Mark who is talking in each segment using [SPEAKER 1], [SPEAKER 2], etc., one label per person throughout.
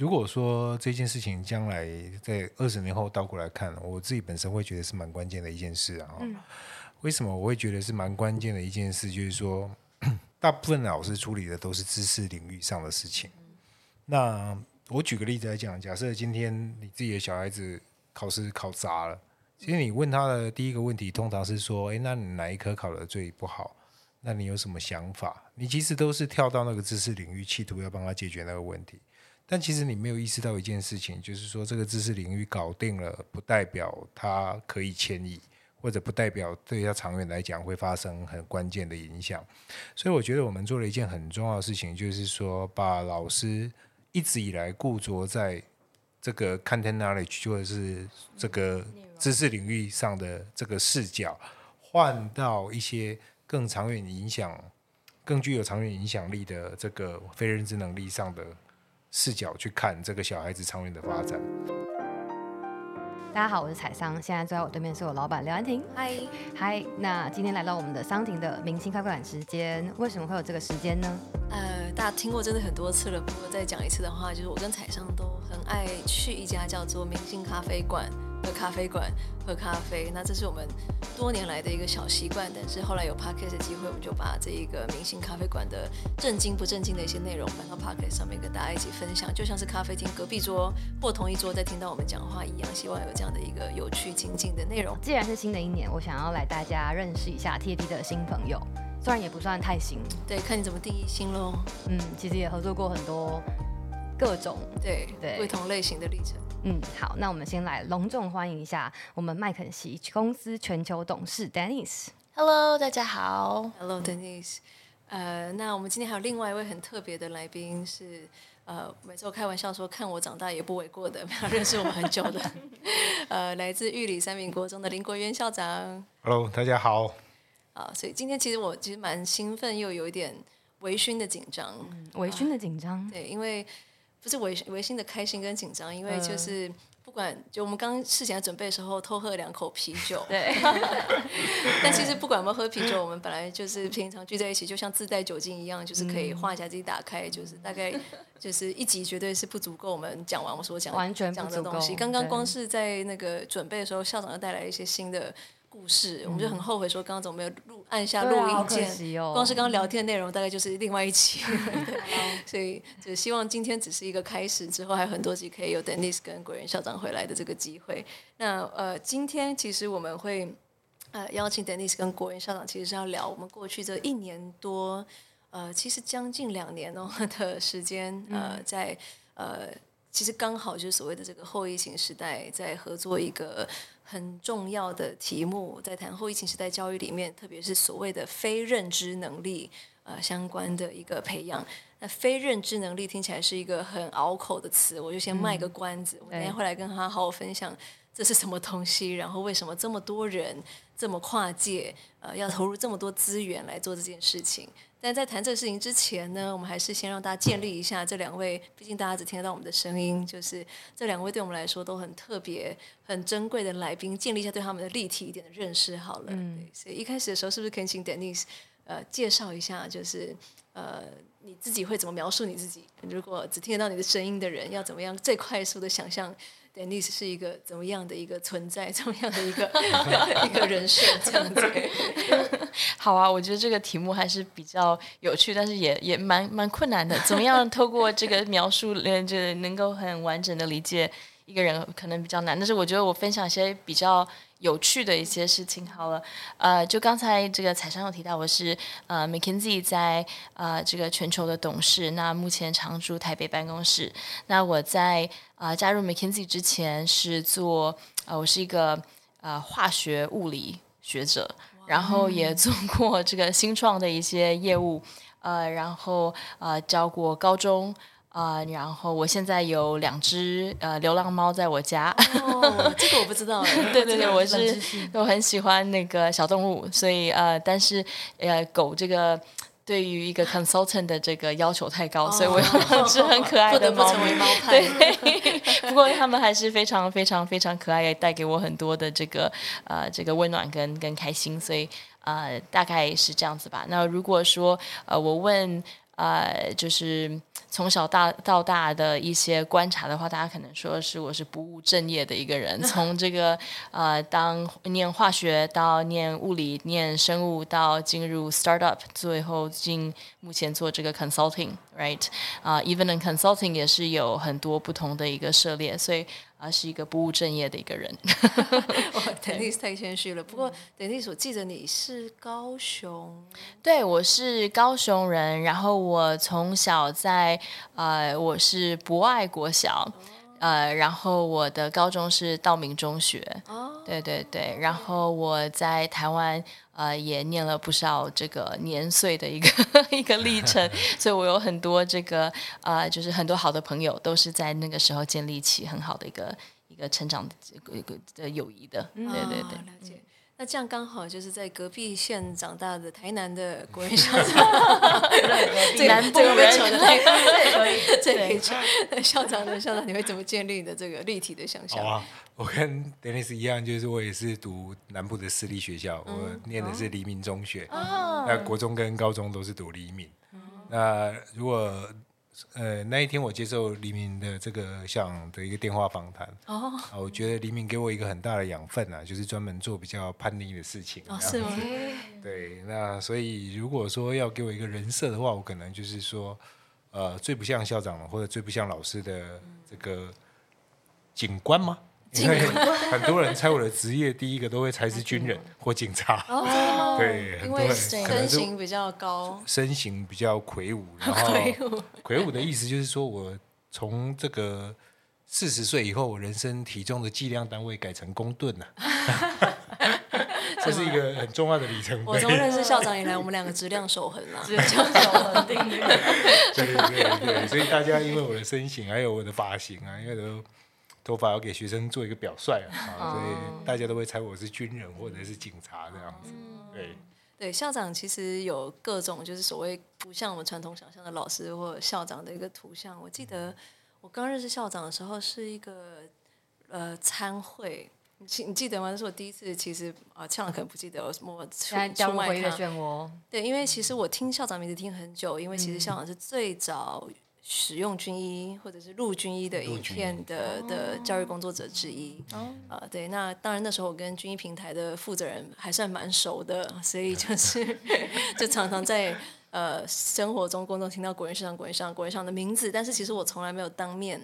[SPEAKER 1] 如果說這件事情將來在二十年後倒過來看，我自己本身會覺得是蠻關鍵的一件事啊。嗯、為什麼我會覺得是蠻關鍵的一件事？就是說，大部分老師處理的都是知識領域上的事情。嗯、那我舉個例子來講，假設今天你自己的小孩子考試考砸了，其實你問他的第一個問題通常是說：“誒，那你哪一科考的最不好？那你有什麼想法？”你其實都是跳到那個知識領域，企圖要幫他解決那個問題。但其實你沒有意識到一件事情，就是說這個知識領域搞定了，不代表它可以遷移，或者不代表對它長遠來講會發生很關鍵的影響。所以我覺得我們做了一件很重要的事情，就是說把老師一直以來固着在這個 content knowledge，就是這個知識領域上的這個視角，換到一些更長遠影響、更具有長遠影響力的這個非認知能力上的。視角去看這個小孩子長遠的發展。
[SPEAKER 2] 大家好，我是彩桑。現在坐在我對面是我老闆劉安婷。嗨嗨 Hi，Hi, 那今天來到我們的桑婷的明星咖啡館時間，為什麼會有這個時間呢？
[SPEAKER 3] 呃，大家聽過真的很多次了，不過再講一次的話，就是我跟彩桑都。很愛去一家叫做“明星咖啡館”的咖啡館喝咖啡，那這是我們多年來的一個小習慣。但是後來有 Podcast 的機會，我們就把這一個“明星咖啡館”的正經不正經的一些內容搬到 Podcast 上面，跟大家一起分享，就像是咖啡廳隔壁桌或同一桌在聽到我們講話一樣。希望有這樣的一個有趣、親近的內容。既
[SPEAKER 2] 然是新的一年，我想要來大家認識一下 TFT 的新朋友，雖然也不算太新，對，看你怎麼定義新嘍。嗯，其實也合作過很多。各種
[SPEAKER 3] 對對不同類型的旅程。
[SPEAKER 2] 嗯，好，那我們先來隆重歡迎一下我們麥肯錫公司全球董事 Denise。
[SPEAKER 3] Hello，大家好。Hello，Denise、uh,。呃，那我們今天還有另外一位很特別的來賓是呃，uh, 每次我開玩笑說看我長大也不為過的，沒有要認識我們很久的呃， uh, 來自玉里三民國中的林國源校長。
[SPEAKER 1] Hello，大家好。
[SPEAKER 3] 啊，uh, 所以今天其實我其實蠻興奮，又有一點微醺的緊張，嗯、微
[SPEAKER 2] 醺的緊張，uh,
[SPEAKER 3] 對，因為。不是唯唯心的開心跟緊張，因為就是不管就我們剛事前準備的時候偷喝兩口啤酒，對。 但其實不管我們喝啤酒，我們本來就是平常聚在一起，就像自帶酒精一樣，就是可以一下自己打開，嗯、就是大概就是一集絕對是不足夠我們講完我說完講講的東西。剛剛光是在那個準備的時候，對 校長又帶來一些新的故事，我們就很後悔說剛剛怎麼沒有錄，按下錄音鍵。對啊，好可惜哦。光是剛剛聊天的內容，大概就是另外一集。 所以，只希望今天只是一個開始，之後還有很多集可以有 Denise 跟國源校長回來的這個機會。那呃，今天其實我們會呃邀請 Denise 跟國源校長，其實是要聊我們過去這一年多，呃，其實將近兩年哦的時間，呃，在呃，其實剛好就是所謂的這個後疫情時代，在合作一個。嗯很重要的題目，在談後疫情時代教育裡面，特別是所謂的非認知能力，呃，相關的一個培養。那非認知能力聽起來是一個很拗口的詞，我就先賣個關子。嗯，我等下會來跟他好好分享這是什麼東西，對然後為什麼這麼多人，這麼跨界，呃，要投入這麼多資源來做這件事情。但在談這個事情之前呢，我們還是先讓大家建立一下這兩位，畢竟大家只聽得到我們的聲音，就是這兩位對我們來說都很特別、很珍貴的來賓，建立一下對他們的立體一點的認識好了。所以一開始的時候，是不是可以請 Denise 呃介紹一下，就是呃你自己會怎麼描述你自己？如果只聽得到你的聲音的人要怎麼樣最快速的想象？對，Denise 是一個怎麼樣的一個存在，怎麼樣的一個一個人設？這樣子，
[SPEAKER 4] 好啊，我覺得這個題目還是比較有趣，但是也也蠻蠻困難的。怎麼樣透過這個描述， 就能夠很完整的理解一個人，可能比較難。但是我覺得我分享一些比較。有趣的一些事情好了，呃，就剛才這個彩商有提到我是呃 McKinsey 在呃這個全球的董事，那目前常駐台北辦公室。那我在啊、呃、加入 McKinsey 之前是做啊、呃、我是一個呃化學物理學者，wow, 然後也做過這個新創的一些業務，呃，然後呃教過高中。啊，uh, 然後我現在有兩隻呃流浪貓在我家。哦，這個我不知道、欸。嗯、知道 對對對，我是，是我很喜歡那個小動物，所以呃，uh, 但是呃、uh, 狗這個對於一個 consultant 的這個要求太高，所以我有兩隻很可愛的貓。不得不成為貓派。 對，不過他們還是非常非常非常可愛的，帶給我很多的這個呃、uh, 這個溫暖跟跟開心，所以呃、uh, 大概是這樣子吧。那如果說呃、uh, 我問。呃，就是從小到大到大的一些觀察的話，大家可能說是我是不務正業的一個人。從這個呃，當唸化學到念物理，念生物，到進入 startup，最後進目前做這個 consulting，right？啊，uh，even in consulting 也是有很多不同的一個涉獵，所以。而是一個不務正業的一個人
[SPEAKER 3] ，Denise 太謙虛了。不過，鄧麗、嗯，Denise，我記得你是高雄？
[SPEAKER 4] 對我是高雄人。然後我從小在呃，我是博愛國小。oh. 呃，然後我的高中是道明中學。哦，oh. 對對對，然後我在台灣。啊、呃，也念了不少這個年歲的一個呵呵，一個歷程， 所以我有很多這個啊、呃，就是很多好的朋友都是在那個時候建立起很好的一個一個成長的友誼的，對對對。哦
[SPEAKER 3] 那這樣剛好就是在隔壁縣長大的台南的國源校長，南部的國源校長，校長，校長，你會怎麼建立你的這個立體的想象
[SPEAKER 1] 我跟 Denise 一樣，就是我也是讀南部的私立學校，我念的是黎明中學，那國中跟高中都是讀黎明。那如果呃，那一天我接受黎明的這個像的一個電話訪談哦、oh。啊，我覺得黎明給我一個很大的養分啊，就是專門做比較叛逆的事情哦，是嗎？對，那所以如果說要給我一個人設的話，我可能就是說，呃，最不像校長或者最不像老師的這個景觀嗎？因為很多人猜我的職業，第一個都會猜是軍人或警察。對，因為身形比較高，身形比較魁梧。魁梧的意思就是說，我從這個四十歲以後，我人生體重的計量單位改成公噸了。這是一個很重要的里程碑。我從認識校
[SPEAKER 3] 長以來，我們兩個質量守恆了，
[SPEAKER 1] 質量守恆定律。對對對，所以大家因為我的身形，還有我的髮型啊，因為都。頭髮要給學生做一個表率啊，oh. 所以大家都會猜我是軍人或者是警察這樣子。Mm. 對
[SPEAKER 3] 對，校長其實有各種，就是所謂不像我們傳統想象的老師或校長的一個圖像。我記得我剛認識校長的時候是一個呃參會，你你記得嗎？那是我第一次，其實啊，呃，校長可能不記得，我參出外。對，因為其實我聽校長名字聽很久，因為其實校長是最早。使用均一或者是錄均一的影片的的、的教育工作者之一，啊、oh. oh. 呃，對，那當然那時候我跟均一平台的負責人還算蠻熟的，所以就是 就常常在呃生活中公眾聽到國源校長、國源校長、國源校長的名字，但是其實我從來沒有當面，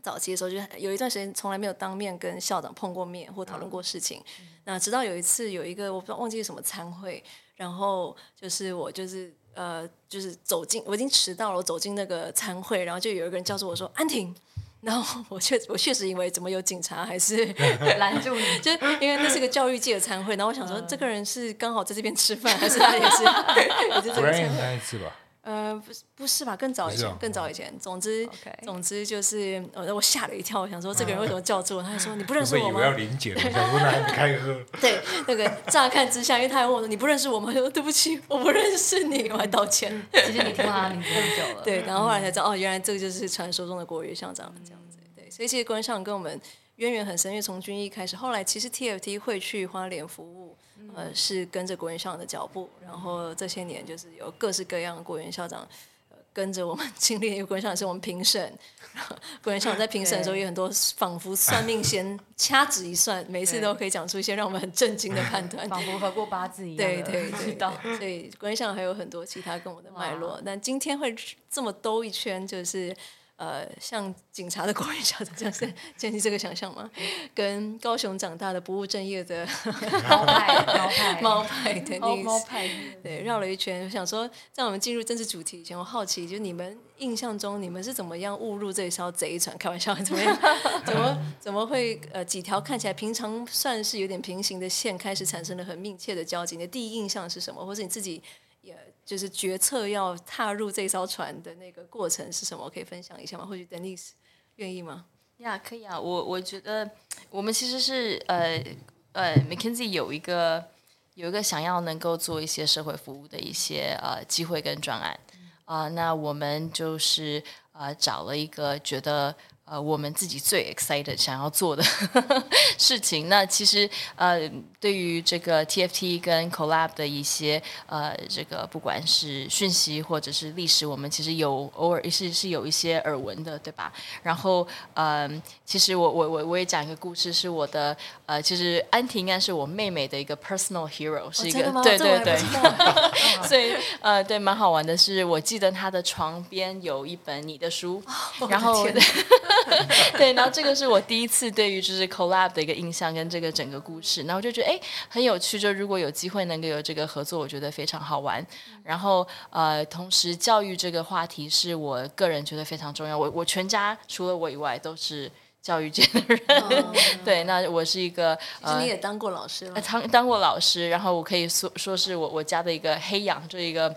[SPEAKER 3] 早期的時候就有一段時間從來沒有當面跟校長碰過面或討論過事情，oh. 那直到有一次有一個我不知道忘記是什麼餐會，然後就是我就是。呃，就是走進，我已經遲到了。我走進那個餐會，然後就有一個人叫住我說：“安婷。”然後我確我確實以為怎麼有警察還是攔住你， 就因為那是個教育界的餐會。然後我想說，這個人是剛好在這邊吃飯，還是他也是 也是在這邊吃吧？ 呃，不不是吧？更早以前，更早以前，總之 Okay 總之就是，哦、我我嚇了一跳，我想說這個人為什麼叫住我？啊、他還說，你不認識我嗎？以為要理解， 想說很開對，那個乍看之下，因為他還問我說你不認識我嗎？我說對不起，我不認識你，我還道歉。嗯、其實你聽過他久了。對，然後後來才知道、嗯、哦，原來這個就是傳說中的國源校長這樣，這樣子。嗯、對，所以其實國源校長跟我們淵源很深入，因為從軍醫開始，後來其實 TFT 會去花蓮服務。呃，是跟着國源校長的腳步，然後這些年就是有各式各樣的國源校長，呃，跟着我們經歷。國源校長是我們評審，國源校長在評審的時候有很多，仿佛算命先掐指一算，對每一次都可以講出一些讓我們很震驚的判斷，仿佛合過八字一樣。對對，知道。所以國源校長還有很多其他跟我的脈絡，那哇今天會這麼兜一圈，就是。呃，像警察的國人叫做這樣是建立這個想象嗎？跟高雄長大的不務正業的
[SPEAKER 4] 貓派，貓派，貓派，對，
[SPEAKER 3] 繞了一圈，我想說在我們進入正式主題以前，我好奇，就你們印象中，你們是怎麼樣誤入這一艘賊船？開玩笑，怎麼樣？怎麼怎麼會呃，幾條看起來平常算是有點平行的線，開始產生了很密切的交集？你的第一印象是什麼？或是你自己？也、yeah, 就是決策要踏入這艘船的那個過程是什麼？我可以分享一下嗎？或許 Denise 願意嗎？
[SPEAKER 4] 呀，yeah, 可以啊。我我覺得我們其實是呃呃，McKinsey 有一個有一個想要能夠做一些社會服務的一些呃機會跟專案啊、呃，那我們就是呃找了一個覺得。呃，我們自己最 excited 想要做的 事情，那其實呃，對於這個 TFT 跟 Collab 的一些呃，這個不管是訊息或者是歷史，我們其實有偶爾是是有一些耳聞的，對吧？然後呃，其實我我我我也講一個故事，是我的呃，其實安婷應該是我妹妹的一個 personal hero，、哦、是一個，對對對， 所以，呃對，蠻好玩的是，我記得她的床邊有一本你的書，哦、的然後。 對，然後這個是我第一次對於就是 collab 的一個印象，跟這個整個故事，然後我就覺得哎、欸，很有趣。就如果有機會能夠有這個合作，我覺得非常好玩。嗯、然後呃，同時教育這個話題是我個人覺得非常重要。我我全家除了我以外都是教育界的人。哦、對，那我是一個，其實你也
[SPEAKER 3] 當過老師了、呃，當
[SPEAKER 4] 當過老師，然後我可以說說是我我家的一個黑羊，就一個。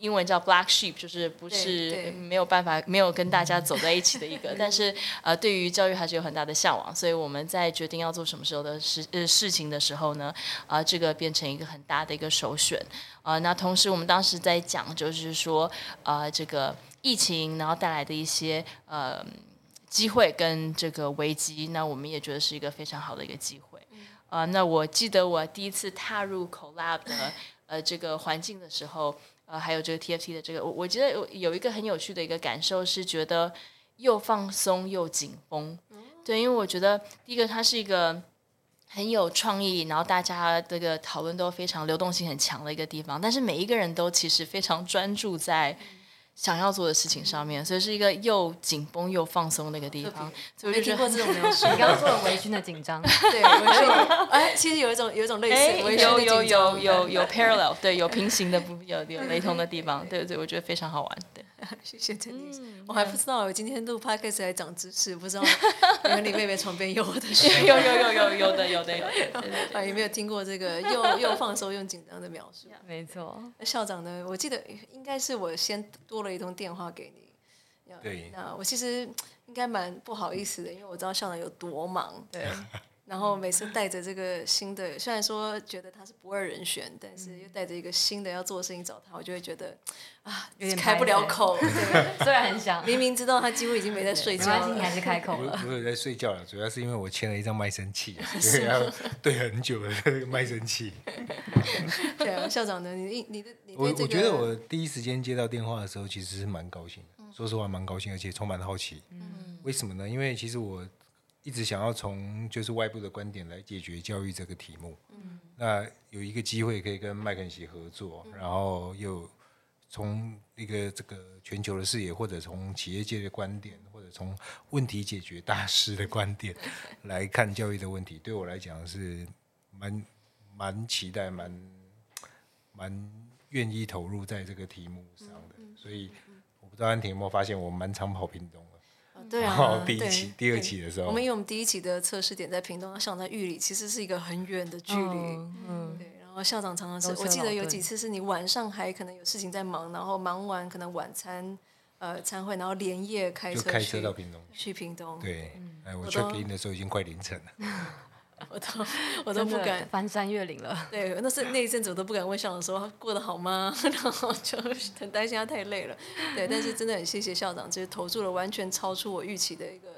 [SPEAKER 4] 英文叫 Black Sheep，就是不是沒有辦法沒有跟大家走在一起的一個， 但是呃，對於教育還是有很大的向往，所以我們在決定要做什麼時候的事、呃、事情的時候呢，啊、呃，這個變成一個很大的一個首選啊、呃。那同時我們當時在講，就是說啊、呃，這個疫情然後帶來的一些呃機會跟這個危機，那我們也覺得是一個非常好的一個機會啊、呃。那我記得我第一次踏入 Collab 的呃這個環境的時候。呃，還有這個 TFT 的這個，我我覺得有有一個很有趣的一個感受是，覺得又放鬆又緊繃，嗯、對，因為我覺得第一個它是一個很有創意，然後大家這個討論都非常流動性很強的一個地方，但是每一個人都其實非常專注在、嗯。想要做的事情上面，所以是一個又緊繃又放鬆的一個地方，別所以我就覺得很聽過這種描述。你剛說了圍裙
[SPEAKER 3] 的緊張，對，圍裙，哎、 欸，其實有一種有一種類似有，有有有有有 parallel，
[SPEAKER 4] 對，有平行的不有有雷同的地方，對，對對？我覺得非常好玩。對。
[SPEAKER 3] 謝謝 Denise，嗯、我還不知道，我今天錄 podcast 還長知識，不知道。哈哈，你妹妹床邊有我的 有有有有有的有的有的。啊，有沒有聽過這個又又放鬆又緊張的描述？沒錯。校長呢？我記得應該是我先多了一通電話給你。對。那我其實應該蠻不好意思的，因為我知道校長有多忙。對。 然後每次帶着這個新的，雖然說覺得他是不二人選，但是又帶着一個新的要做的事情找他，我就會覺得啊，有點開，開不了口。雖然對 很想，明明知道他幾乎已經沒在睡覺了，你還是開口了。
[SPEAKER 1] 我有在睡覺了，主要是因為我簽了一張賣身契，對很久的那個賣身契。
[SPEAKER 3] 對啊，校長呢？你、你的、你我我覺得我
[SPEAKER 1] 第一時間接到電話的時候，其實是蠻高興的，說實話蠻高興，而且充滿了好奇。嗯，為什麼呢？因為其實我。一直想要從就是外部的觀點來解決教育這個題目。嗯。那有一個機會可以跟麥肯錫合作，嗯、然後又從一個這個全球的視野，或者從企業界的觀點，或者從問題解決大師的觀點來看教育的問題， 對我來講是蠻蠻期待、蠻蠻願意投入在這個題目上的。嗯嗯嗯、所以我不知道安婷有沒有發現，我蠻常跑屏東。對啊，然後第一期，對第二期的時候，我們
[SPEAKER 3] 因為我們第一期的測試點在屏東，校長在玉里，其實是一個很遠的距離。哦、嗯，對，然後校長常常說，老老我記得有幾次是你晚上還可能有事情在忙，然後忙完可能晚餐呃餐會，然後連夜開車去。就開車到屏東。去屏東。對，哎、嗯，我在屏
[SPEAKER 1] 的時候已經快凌晨
[SPEAKER 2] 了。
[SPEAKER 3] 我都我都不敢翻山越嶺了。對，那是那一陣子我都不敢問校長說過得好嗎？然後就很擔心他太累了。對，但是真的很謝謝校長，就是投注了完全超出我預期的一個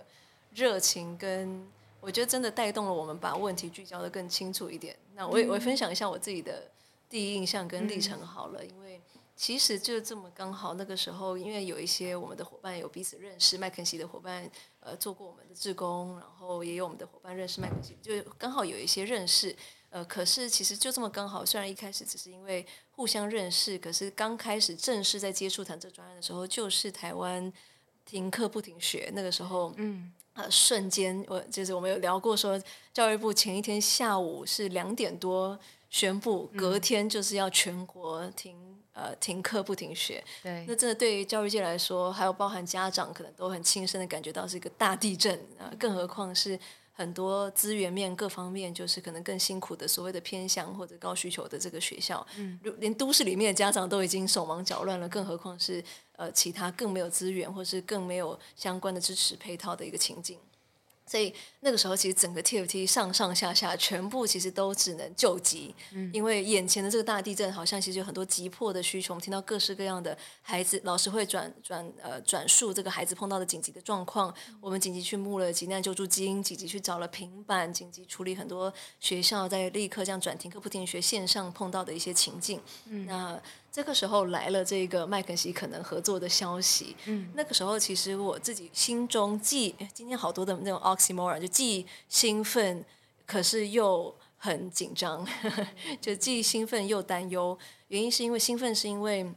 [SPEAKER 3] 熱情，跟我覺得真的帶動了我們把問題聚焦得更清楚一點。那我也我也分享一下我自己的第一印象跟歷程好了，因為，其實就這麼剛好，那個時候因為有一些我們的夥伴有彼此認識，麥肯錫的伙伴呃做過我們的志工，然後也有我們的夥伴認識麥肯錫，就剛好有一些認識。呃，可是其實就這麼剛好，雖然一開始只是因為互相認識，可是剛開始正式在接觸談這專案的時候，就是台灣停課不停學，那個時候嗯、呃、瞬間我就是我們有聊過說，教育部前一天下午是兩點多宣布，隔天就是要全國停。呃，停課不停學，對，那真的對於教育界來說，還有包含家長，可能都很親身的感覺到是一個大地震，呃，更何況是很多資源面各方面，就是可能更辛苦的所謂的偏鄉或者高需求的這個學校，嗯，連都市裡面的家長都已經手忙腳亂了，更何況是呃其他更沒有資源，或是更沒有相關的支持配套的一個情景。所以那個時候，其實整個 TFT 上上下下，全部其實都只能救急，嗯、因為眼前的這個大地震，好像其實有很多急迫的需求。聽到各式各樣的孩子，老師會轉轉呃轉述這個孩子碰到的緊急的狀況，嗯、我們緊急去募了急難救助金，緊急去找了平板，緊急處理很多學校在立刻這樣轉停課不停學線上碰到的一些情境。嗯、那。這個時候來了這個麥肯錫可能合作的消息，嗯、那個時候其實我自己心中既今天好多的那種 oxymoron，就既興奮，可是又很緊張，嗯、 就既興奮又擔憂。原因是因為興奮是因為。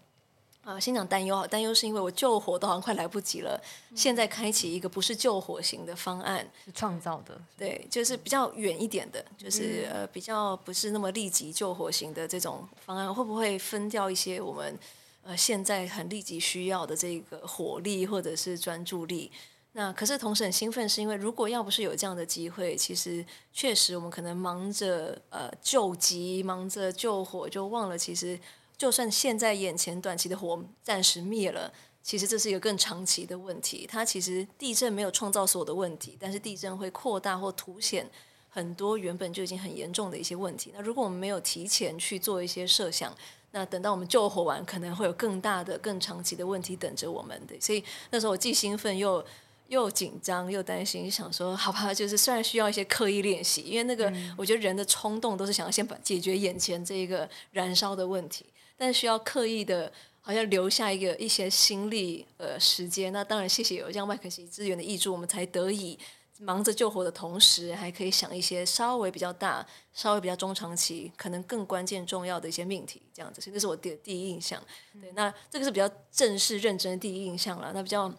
[SPEAKER 3] 啊，先講擔憂，好，擔憂是因為我救火都好像快來不及了。現在開啟一個不是救火型的方案，是創造的，對，就是比較遠一點的，就是呃比較不是那麼立即救火型的這種方案，會不會分掉一些我們呃現在很立即需要的這個火力或者是專注力？那可是同時很興奮，是因為如果要不是有這樣的機會，其實確實我們可能忙着呃救急，忙着救火，就忘了其實。就算現在眼前短期的火暫時滅了，其實這是一個更長期的問題。它其實地震沒有創造所有的問題，但是地震會擴大或凸顯很多原本就已經很嚴重的一些問題。那如果我們沒有提前去做一些設想，那等到我們救火完，可能會有更大的、更長期的問題等着我們。對，所以那時候我既興奮又又緊張又擔心，想說好吧，就是雖然需要一些刻意練習，因為那個我覺得人的衝動都是想要先把解決眼前這個燃燒的問題。但需要刻意的，好像留下一個一些心力呃時間。那當然，謝謝有這樣麥肯錫資源的挹注，我們才得以忙着救火的同時，還可以想一些稍微比較大、稍微比較中長期、可能更關鍵重要的一些命題這樣子。所以那是我的第一印象。嗯、對，那這個是比較正式認真的第一印象了。那比較。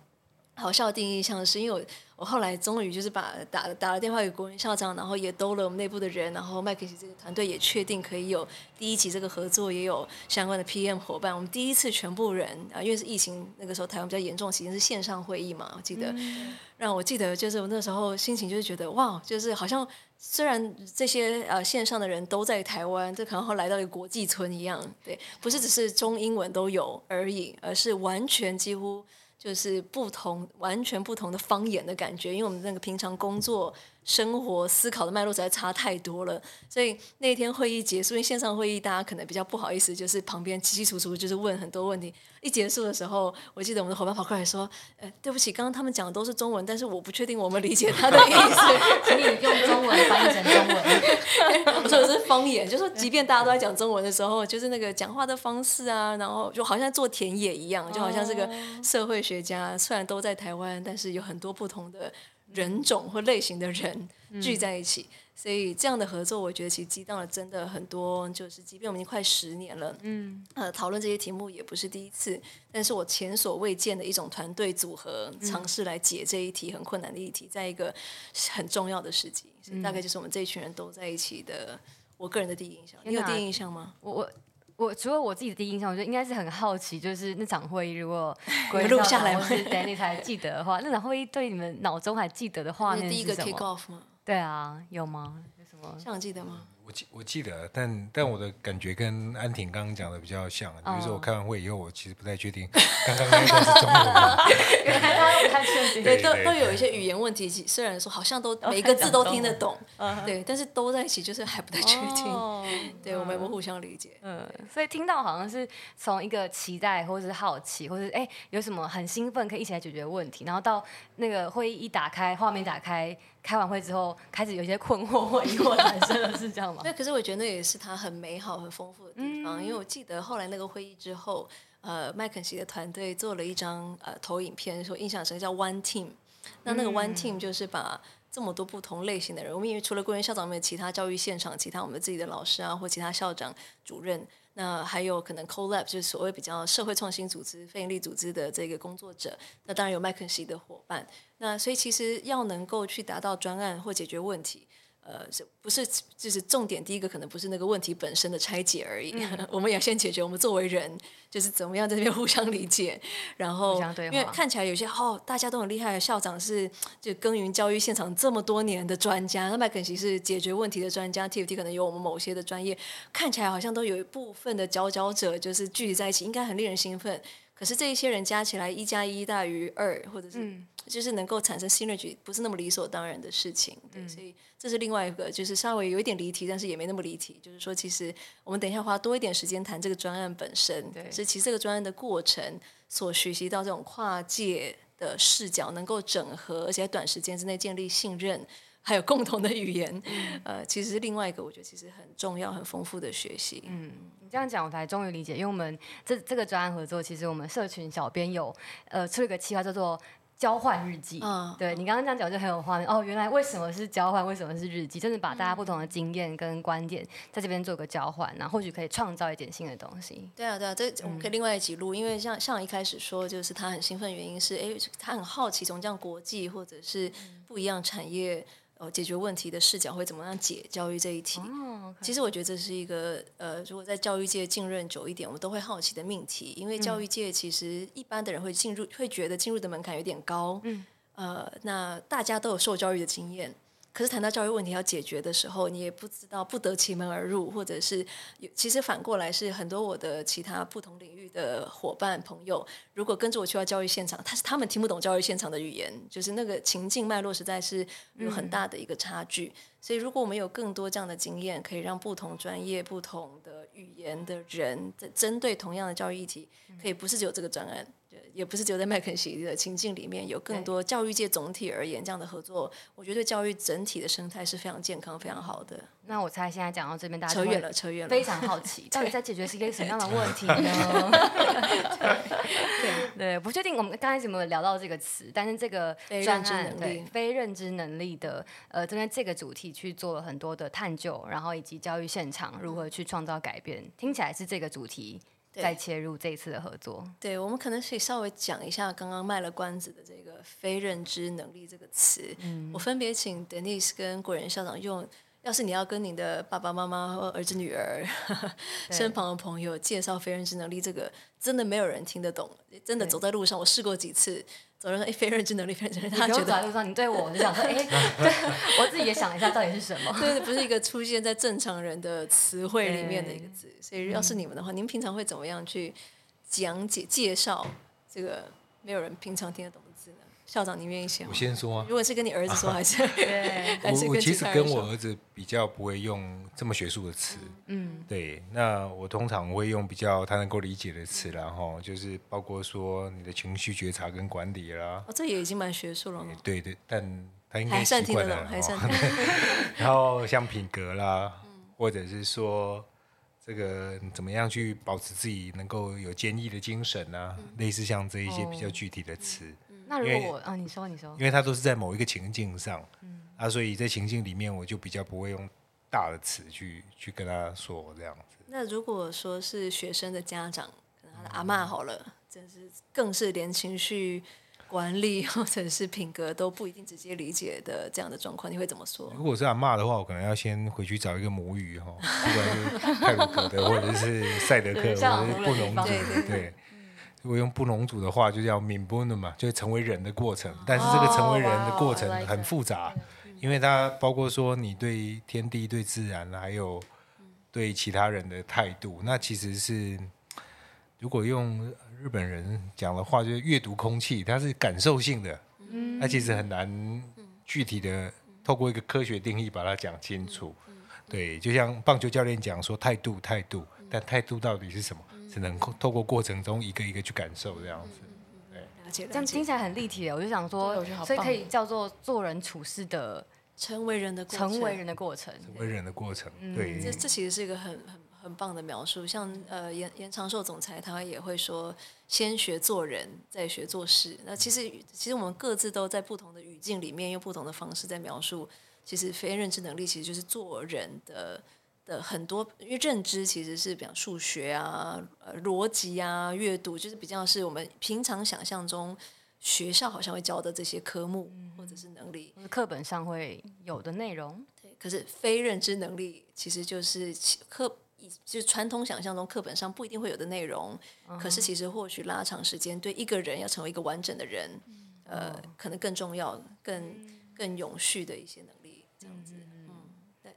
[SPEAKER 3] 好笑的定義，像是因為我我後來終於就是把打打了電話給國源校長，然後也兜了我們內部的人，然後麥肯錫這個團隊也確定可以有第一集這個合作，也有相關的 PM 夥伴。我們第一次全部人啊、呃，因為是疫情那個時候台灣比較嚴重，其實是線上會議嘛。我記得，對讓我記得就是我那時候心情就是覺得哇，就是好像雖然這些呃線上的人都在台灣，這可能後來到了一個國際村一樣。對，不是只是中英文都有而已，而是完全幾乎。就是不同，完全不同的方言的感覺，因為我們那個平常工作、生活思考的脈絡實在差太多了，所以那天會議結束，因為線上會議大家可能比較不好意思，就是旁邊稀稀疏疏，就是問很多問題。一結束的時候，我記得我們的夥伴跑過來說：“欸、對不起，剛剛他們講的都是中文，但是我不確定我們理解他的意思， 請你用中文翻譯成中文。 ”我說的是方言。就說、是，即便大家都在講中文的時候，就是那個講話的方式啊，然後就好像做田野一樣，就好像這個社會學家、oh. 雖然都在台灣，但是有很多不同的。人種或類型的人聚在一起，嗯、所以這樣的合作，我覺得其實激盪了真的很多。就是，即便我們已經快十年了，嗯，討論、呃、這些題目也不是第一次，但是我前所未見的一種團隊組合，嘗試、嗯、來解這一題很困難的議題，在一個很重要的時機，大概就是我們這一群人都在一起的。我個人的第一印象，嗯、你有第一印象嗎？我我。我
[SPEAKER 2] 我除了我自己的第一印象，我覺得應該是很好奇，就是那場會議如果錄下來，是 Danny 才記得的話，那場會議對你們腦中還記
[SPEAKER 3] 得的畫面是什麼？第一個 take off 嗎？對啊，有嗎？有什麼？像我記得嗎？
[SPEAKER 1] 我記我記得，但但我的感覺跟安婷剛剛講的比較像，比如說我開完會以後，我其實不太確
[SPEAKER 3] 定。剛剛應該是中文。對，都都有一些語言問題，雖然說好像都每個字都聽得懂，對，但是都在一起就是還不太確定。對，我們不互相理解。嗯，所以聽到好像是從一個期待，或者是
[SPEAKER 2] 好奇，或者哎有什麼很興奮可以一起來解決問題，然後到那個會議一打開畫面打開，開完會之後開始有一些困惑或疑惑，產生的是這樣。那可是我覺得
[SPEAKER 3] 也是他很美好、很豐富的地方，因為我記得後來那個會議之後，嗯、呃，麥肯錫的團隊做了一張呃投影片，說印象深叫 One Team。
[SPEAKER 4] 那那個 One Team
[SPEAKER 3] 就是把這麼多不同類型的人，嗯、我們因為除了國源校長，沒有其他教育現場，其他我們自己的老師啊，或其他校長主任，那還有可能 Collab 就是所謂比較社會創新組織、非營利組織的這個工作者，那當然有麥肯錫的夥伴。那所以其實要能夠去達到專案或解決問題。呃，是不是就是重點？第一個可能不是那個問題本身的拆解而已，嗯嗯 我們要先解決。我們作為人，就是怎麼樣在這邊互相理解，然後對，因為看起來有些哦，大家都很厲害。校長是就耕耘教育現場這麼多年的專家，那麥肯錫是解決問題的專家，TFT 可能有我們某些的專業，看起來好像都有一部分的佼佼者，就是聚集在一起，應該很令人興奮。可是這一些人加起來一加一大於二，或者是就是能夠產生 synergy，不是那麼理所當然的事情。對，所以這是另外一個，就是稍微有一點離題，但是也沒那麼離題。就是說，其實我們等一下花多一點時間談這個專案本身，所以其實這個專案的過程所學習到這種跨界的視角，能夠整合，而且在短時間之內建立信任。還有共同的語言，呃，其實另外一個，我覺得其實很重要、很豐富的學習。嗯，你
[SPEAKER 2] 這樣講我才終於理解，因為我們這這個專案合作，其實我們社群小編有呃出了個計劃，叫做交換日記。嗯、啊，對你剛剛這樣講就很有畫面。哦，原來為什麼是交換？為什麼是日記？真的把大家不同的經驗跟觀點在這邊做個交換，然後或許可以創造一點新的東西。
[SPEAKER 3] 對啊，對啊，這我們可以另外一集錄，因為像像一開始說，就是他很興奮，原因是哎、欸，他很好奇，從這樣國際或者是不一樣產業。嗯哦，解決問題的視角會怎麼樣解教育這一題？Oh, okay. 其實我覺得這是一個呃，如果在教育界浸潤久一點，我們都會好奇的命題。因為教育界其實一般的人會進入，會覺得進入的門檻有點高。嗯，呃，那大家都有受教育的經驗。可是談到教育問題要解決的時候，你也不知道，不得其門而入，或者是有，其實反過來是很多我的其他不同領域的夥伴朋友，如果跟着我去到教育現場，他是，他們聽不懂教育現場的語言，就是那個情境脈絡實在是有很大的一個差距。嗯。所以如果我們有更多這樣的經驗，可以讓不同專業、不同的語言的人在針對同樣的教育議題，可以不是只有這個專案。嗯。也不是只有在麥肯錫的情境裡面，有更多教育界、總體而言這樣的合作，對我覺得教育整體的生態是非常健康、非常好的。那我猜現在講到這邊，大家扯遠了，扯遠了。非常好奇，到底在解決是一個什麼樣的問題呢？對，
[SPEAKER 2] 對、對、對，不確定我們剛才怎麼聊到這個詞，但是這個專注能力、非認知能力的呃，針對這個主題去做了很多的探究，然後以及教育現場如何去創造改變，嗯、聽起來是這個主題。對 再切入這一次的合作對，
[SPEAKER 3] 對，我們可能可以稍微講一下剛剛賣了關子的這個“非認知能力”這個詞。嗯、我分別請 Denise 跟國源校長用。要是你要跟你的爸爸媽媽或兒子女兒、嗯、身旁的朋友介紹非認知能力這個，真的沒有人聽得懂。真的走在路上，對我試過幾次，走在路上欸，非認知能力，非認知能力，他覺得走在路上，你對我就想說，哎、 欸，對，我自己也想了一下到底是什麼，對，不是一個出現在正常人的詞彙裡面的一個字。對所以，要是你們的話，你們平常會怎麼樣去講解、介紹這個沒有人平常聽得懂？校長，你願意先？我先說。如果是跟你兒子說，啊、還是我 Yeah, 我其實跟我
[SPEAKER 1] 兒子比較不會用這麼學術的詞，嗯，對。那我通常會用比較他能夠理解的詞，然後就是包括說你的情緒覺察跟管理啦。
[SPEAKER 3] 哦，這也已經蠻學術了。
[SPEAKER 1] 對對，但他應該習慣的。還算聽得懂 然後像品格啦，嗯、或者是說這個怎麼樣去保持自己能夠有堅毅的精神呢、啊？嗯、類似像這一些比較具體的詞。嗯那如果我為，啊，
[SPEAKER 2] 你說你說，因為他
[SPEAKER 1] 都是在某一個情境上，嗯、啊，所以在情境裡面我就比較不會用大的詞去去跟他說這樣
[SPEAKER 3] 子。那如果說是學生的家長，可能他的阿嬤好了，嗯、真是更是連情緒管理或者是品格都不一定直接理解的這樣的狀況，你會怎麼說？如
[SPEAKER 1] 果是阿嬤的話，我可能要先回去找一個母語哈，不、哦、管 是太魯閣的或者是賽德克對或者布農族的對。對對我用布農族的話，就叫“閩波”了嘛，就是成為人的過程。但是這個成為人的過程很複雜，因為它包括說你對天地、對自然，還有對其他人的態度。那其實是，如果用日本人講的話，就是閱讀空氣，它是感受性的。那其實很難具體的透過一個科學定義把它講清楚。對，就像棒球教練講說態度，態度，但態度到底是什麼？只能夠透過過程中一個一個去感受這樣子，
[SPEAKER 2] 對，這樣聽起來很立體的，我就想說，對所以可以叫做做人
[SPEAKER 3] 處事的成為人的成為人的過程，成
[SPEAKER 1] 為人的過程，對。對嗯、這
[SPEAKER 3] 這其實是一個很很很棒的描述。像呃，嚴嚴長壽總裁他也會說，先學做人，再學做事。那其實其實我們各自都在不同的語境裡面，用不同的方式在描述。其實非認知能力其實就是做人的。的很多，因為認知其實是比方數學啊、呃、邏輯啊、閱讀，就是比較是我們平常想象中學校好像會教的這些科目或者是能力，課本上會有的內容。對，可是非認知能力其實就是課，就是傳統想象中課本上不一定會有的內容。Uh huh. 可是其實或許拉長時間，對一個人要成為一個完整的人，uh huh. 呃，可能更重要更更永續的一些能力，這樣子。Uh huh.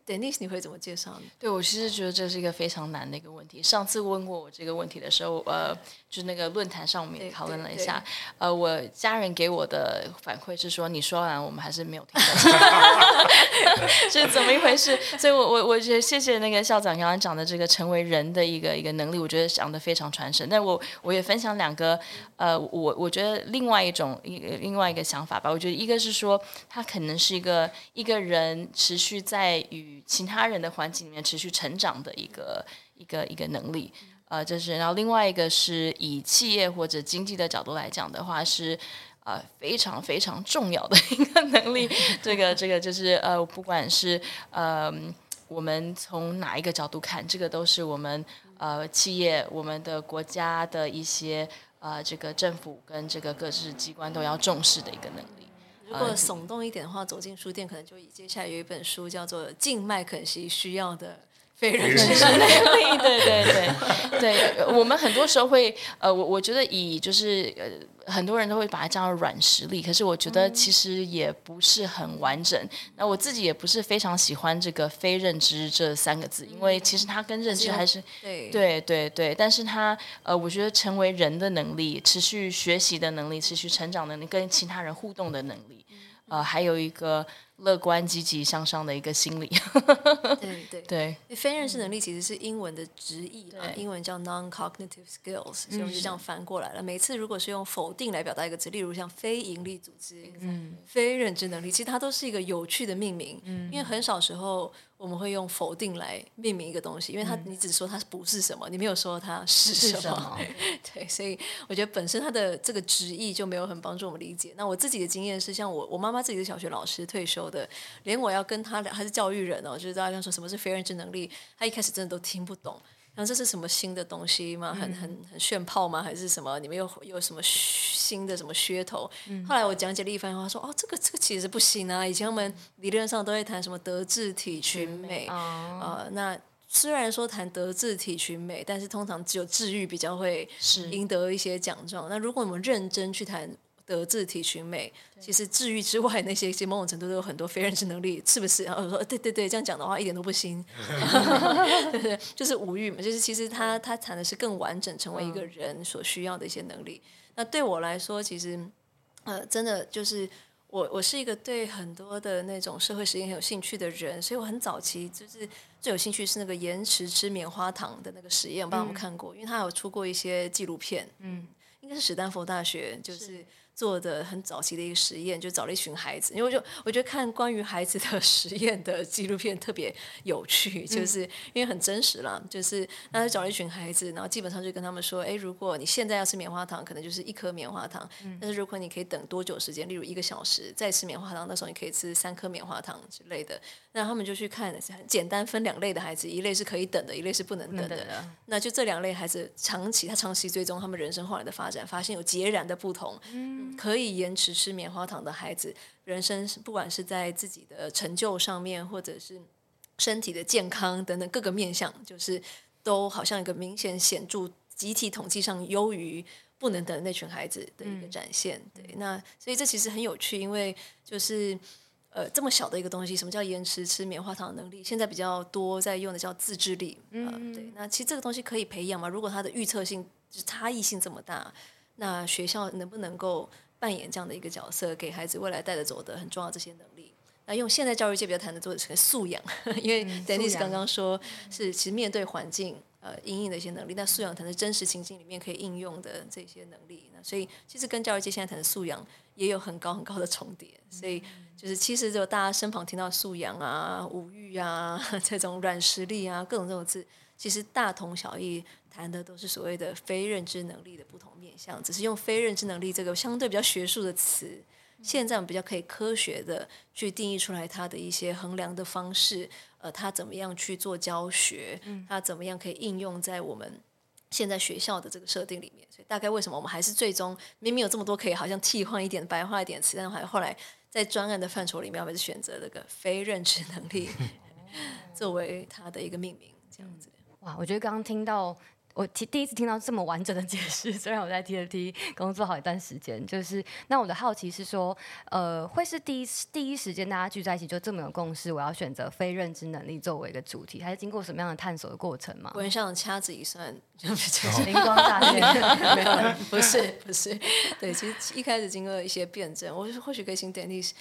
[SPEAKER 3] 對，Denise 你會怎麼介紹呢？對，我其實覺
[SPEAKER 4] 得這是一個非常難的一個問題。上次問過我這個問題的時候，呃，就那個論壇上我們也討論了一下。對對對，呃，我家人給我的反饋是說，你說完我們還是沒有聽懂，是怎麼一回事？所以我，我我我覺得，謝謝那個校長剛剛講的這個成為人的一個一個能力，我覺得講的非常傳神。那我我也分享兩個，呃，我我覺得另外一種一另外一個想法吧。我覺得一個是說，他可能是一個一個人持續在與其他人的環境裡面持續成長的一個一個一個能力，呃，就是，然後另外一個是以企業或者經濟的角度來講的話是，是呃非常非常重要的一個能力。這個這個就是呃，不管是呃，我們從哪一個角度看，這個都是我們呃企業、我們的國家的一些呃這個政府跟這個各自機關都要重視的一個能力。
[SPEAKER 3] 如果聳動一點的話，走進書店可能就接下來有一本書叫做《進麥肯錫需要的》。非認知的能力，對對對 對，我們
[SPEAKER 4] 很多時候會，呃，我我覺得以就是，呃，很多人都會把它叫做軟實力，可是我覺得其實也不是很完整。嗯、那我自己也不是非常喜歡這個“非認知”這三個字，因為其實它跟認知還是對、嗯、對對對，但是它，呃，我覺得成為人的能力、持續學習的能力、持續成長的能力、跟其他人互動的能力，呃，還有一個樂觀、積極向上的一個心理。對 對對，
[SPEAKER 3] 對對，非認知能力其實是英文的直譯、啊嗯、英文叫 non-cognitive skills，對所以我就這樣翻過來了。嗯、每次如果是用否定來表達一個詞，例如像非盈利組織，嗯、非認知能力，其實它都是一個有趣的命名，嗯、因為很少時候。我們會用否定來命名一個東西，因為他你只說他不是什麼，你沒有說他是什麼。什麼對，對，所以我覺得本身他的這個直譯就沒有很幫助我們理解。那我自己的經驗是，像我我媽媽自己的小學老師退休的，連我要跟她聊，她是教育人哦、喔，就是大家說什麼是非認知能力，她一開始真的都聽不懂。這是什麼新的東西嗎？很很很炫炮嗎？還是什麼？你們又有什麼新的什麼噱頭？嗯、後來我講解了一番話，話說：“哦，這個這個其實不行啊，以前我們理論上都會談什麼德智體群美啊、嗯哦呃。那雖然說談德智體群美，但是通常只有智育比較會贏得一些獎狀。是那如果我們認真去談。”德智體群美，其實智育之外，那些某種程度都有很多非認知能力，是不是？然後說對對對，這樣講的話一點都不新， 就是五育嘛，就是其實他他談的是更完整成為一個人所需要的一些能力。那對我來說，其實呃，真的就是我我是一個對很多的那種社會實驗很有興趣的人，所以我很早期就是最有興趣是那個延遲吃棉花糖的那個實驗，我幫他們看過，嗯、因為他有出過一些紀錄片，嗯，應該是史丹佛大學就是。是做的很早期的一個實驗，就找了一群孩子，因為就我覺得看關於孩子的實驗的紀錄片特別有趣，就是、嗯、因為很真實啦。就是那他找了一群孩子，然後基本上就跟他們說，哎、欸，如果你現在要吃棉花糖，可能就是一顆棉花糖；嗯、但是如果你可以等多久時間，例如一個小時，再吃棉花糖，那時候你可以吃三顆棉花糖之類的。那他們就去看，簡單，分兩類的孩子，一類是可以等的，一類是不能等的。的啊、那就這兩類孩子，長期他長期追蹤他們人生後來的發展，發現有截然的不同。嗯可以延遲吃棉花糖的孩子，人生不管是在自己的成就上面，或者是身體的健康等等各個面向，就是都好像一個明顯顯著集體統計上優於不能等那群孩子的一個展現。嗯、對，那所以這其實很有趣，因為就是呃這麼小的一個東西，什麼叫延遲吃棉花糖能力？現在比較多在用的叫自製力啊、呃。對，那其實這個東西可以培養嗎？如果它的預測性、就是、差異性這麼大，那學校能不能夠扮演這樣的一個角色，給孩子未來帶着走的很重要的這些能力？那用現在教育界比較談的做的是素養， 因為 Denise 剛剛說是其實面對環境呃應用的一些能力，那素養談的是真實情境裡面可以應用的這些能力。那所以其實跟教育界現在談的素養也有很高很高的重疊。所以就是其實就大家身旁聽到素養啊、五育啊、這種軟實力啊，各種這種字，其實大同小異。的都是所謂的非認知能力的不同面向，只是用非認知能力這個相對比較學術的詞，嗯、現在我們比較可以科學的去定義出來它的一些衡量的方式，呃，它怎麼樣去做教學，它怎麼樣可以應用在我們現在學校的這個設定裡面。所以大概為什麼我們還是最終明明有這麼多可以好像替換一點、白話一點詞，但是後來在專案的範疇裡面，我們是選擇這個非認知能力作為它的一個命名，這樣子。
[SPEAKER 2] 哇，我覺得剛剛聽到。我第第一次聽到這麼完整的解釋，雖然我在 TFT 工作好一段時間，就是那我的好奇是說，呃，會是第一次、第一時間大家聚在一起就這麼有共識，我要選擇非認知能力作為一個主題，還是經過什麼樣的探索的過程嘛？我
[SPEAKER 3] 像掐指一算，就是靈光乍現，沒有，不是不是，對，其實一開始經過了一些辯證，我說或許可以請 Denise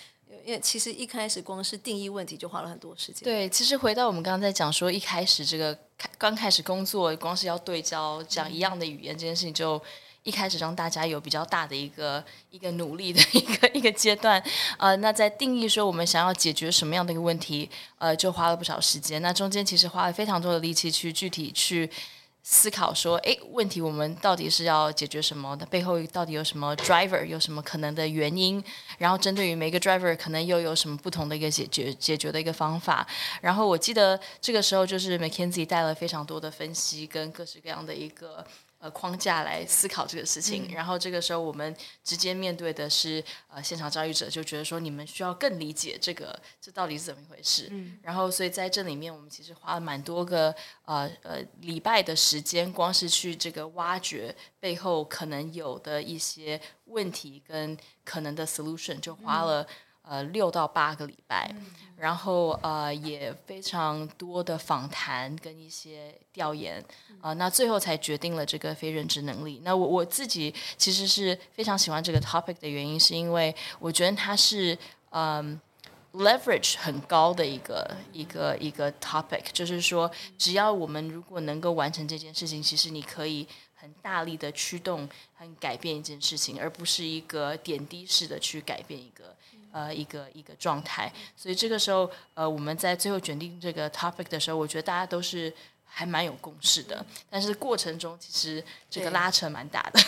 [SPEAKER 3] 因為其實一開始光是定義問題就花了很多時間。對，其實
[SPEAKER 4] 回到我們剛剛在講說，一開始這個開剛開始工作，光是要對焦講一樣的語言這件事情，就一開始讓大家有比較大的一個一個努力的一個一個階段。呃，那在定義說我們想要解決什麼樣的一個問題，呃，就花了不少時間。那中間其實花了非常多的力氣去具體去。思考說，哎，問題我們到底是要解決什麼的？背後到底有什麼 driver？有什麼可能的原因？然後針對於每個 driver，可能又有什麼不同的一個解決解決的一個方法？然後我記得這個時候就是麥肯錫帶了非常多的分析跟各式各樣的一個。呃，框架來思考這個事情，嗯、然後這個時候我們直接面對的是呃，現場教育者就覺得說，你們需要更理解這個這到底是怎麼一回事。嗯、然後所以在這裡面，我們其實花了蠻多個呃呃禮拜的時間，光是去這個挖掘背後可能有的一些問題跟可能的 solution，就花了。呃，六到八個禮拜，mm hmm. 然後呃也非常多的訪談跟一些調研啊、mm hmm. 呃，那最後才決定了這個非認知能力。那我我自己其實是非常喜歡這個 topic 的原因，是因為我覺得它是嗯、um, leverage 很高的一個、mm hmm. 一個一個 topic，就是說只要我們如果能夠完成這件事情，其實你可以很大力的驅動、很改變一件事情，而不是一個點滴式的去改變一個。呃，一個一個狀態，所以這個時候，呃，我們在最後決定這個 topic 的時候，我覺得大家都是還
[SPEAKER 3] 蠻有共識的，但是
[SPEAKER 4] 過程中其實這個拉扯蠻大的。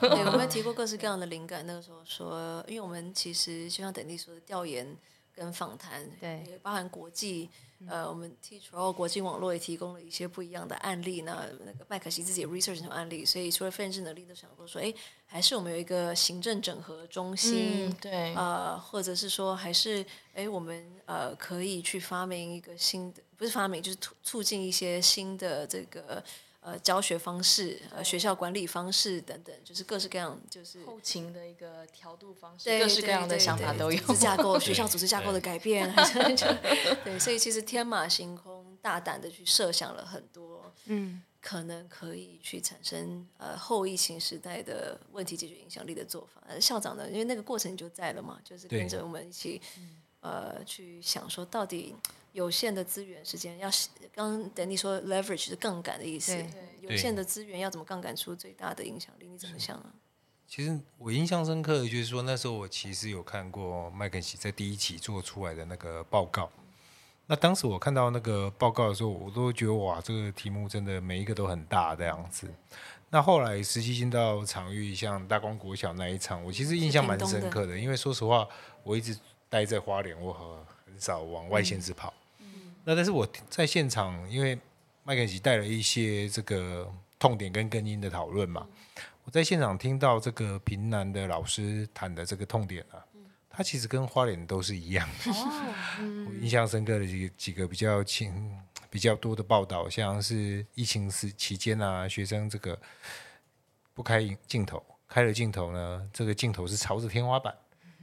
[SPEAKER 4] 對， 對，我們提過
[SPEAKER 3] 各式各樣的靈感，那個時候說，因為我們其實就像 Denise 說的，調研。跟訪談，對，包含國際，對呃，嗯、我們 TFT 國際網絡也提供了一些不一樣的案例。那那個麥肯錫自己 research 這種案例，所以除了分析能力，都想過說，說，哎，還是我們有一個行政整合中心，嗯、對，呃，或者是說，還是，哎，我們呃可以去發明一個新的，不是發明，就是促進一些新的這個。呃，教學方式、呃、學校管理方式等等，對就是各式各樣，就是後勤的一個調度方式，對各式各樣的想法都有。對對對，架構 對學校組織架構的改變，對， 對，所以其實天馬行空、大膽的去設想了很多，嗯，可能可以去產生呃後疫情時代的問題解決影響力的做法。而校長呢，因為那個過程就在了嘛，就是跟着我們一起，對呃，去想說到底。有限的資源、時間，要剛剛 Denise 說 leverage 是槓桿的意思。對,對，有限的資源要怎麼槓桿出最大的影響力？你怎麼想
[SPEAKER 1] 啊？其實我印象深刻的就是說，那時候我其實有看過麥肯錫在第一期做出來的那個報告。那當時我看到那個報告的時候，我都覺得哇，這個題目真的每一個都很大的樣子。那後來實際進到場域，像大光國小那一場，我其實印象蠻深刻的，的因為說實話，我一直待在花蓮，我和很少往外線去跑。嗯但是我在現場，因為麥肯錫帶了一些這個痛點跟根因的討論嘛，嗯、我在現場聽到這個平南的老師談的這個痛點啊，他、嗯、其實跟花蓮都是一樣的。哦嗯、我印象深刻的幾幾個比較輕比較多的報道，像是疫情時期間啊，學生這個不開鏡頭，開了鏡頭呢，這個鏡頭是朝着天花板。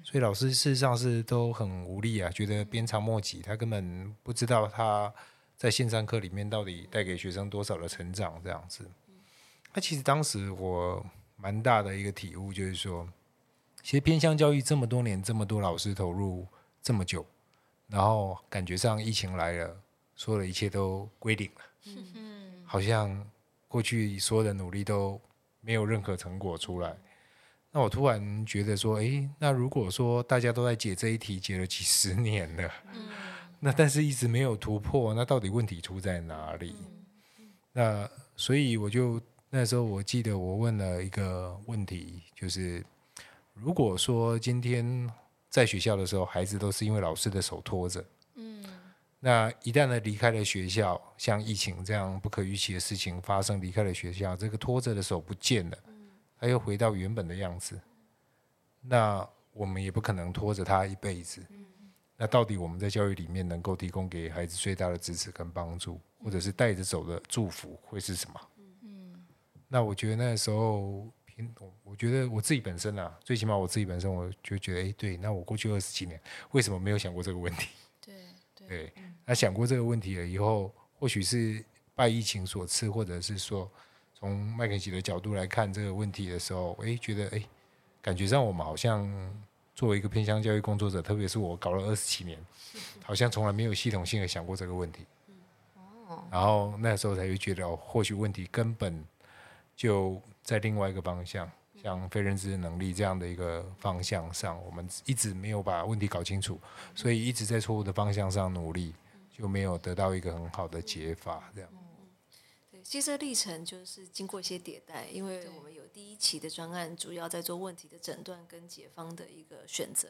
[SPEAKER 1] 所以老師事實上是都很無力啊，覺得鞭長莫及，他根本不知道他在線上課裡面到底帶給學生多少的成長這樣子。那、啊、其實當時我蠻大的一個體悟就是說，其實偏鄉教育這麼多年這麼多老師投入這麼久，然後感覺上疫情來了，所有的一切都歸零了，好像過去所有的努力都沒有任何成果出來。那我突然覺得說，誒、欸，那如果說大家都在解這一題，解了幾十年了，嗯，那但是一直沒有突破，那到底問題出在哪裡？嗯，那所以我就那時候我記得我問了一個問題，就是如果說今天在學校的時候，孩子都是因為老師的手拖着，嗯，那一旦呢離開了學校，像疫情這樣不可預期的事情發生，離開了學校，這個拖着的手不見了。他又回到原本的樣子，那我們也不可能拖着他一輩子。嗯、那到底我們在教育裡面能夠提供給孩子最大的支持跟幫助，嗯、或者是帶着走的祝福會是什麼？嗯、那我覺得那時候，我覺得我自己本身啊，最起碼我自己本身，我就覺得，誒，對，那我過去二十幾年，為什麼沒有想過這個問題？對，對，嗯。那想過這個問題了以後，或許是拜疫情所賜，或者是說。從麥肯錫的角度來看這個問題的時候，誒，覺得哎，感覺上我們好像作為一個偏向教育工作者，特別是我搞了二十七年，好像從來沒有系統性的想過這個問題。嗯，哦。然後那時候才會覺得，或許問題根本就在另外一個方向，像非認知能力這樣的一個方向上，我們一直沒有把問題搞清楚，所以一直在錯誤的方向上努力，就沒有得到一個很好的解法，這樣。
[SPEAKER 3] 其實這歷程就是經過一些迭代，因為我們有第一期的專案，主要在做問題的診斷跟解方的一個選擇，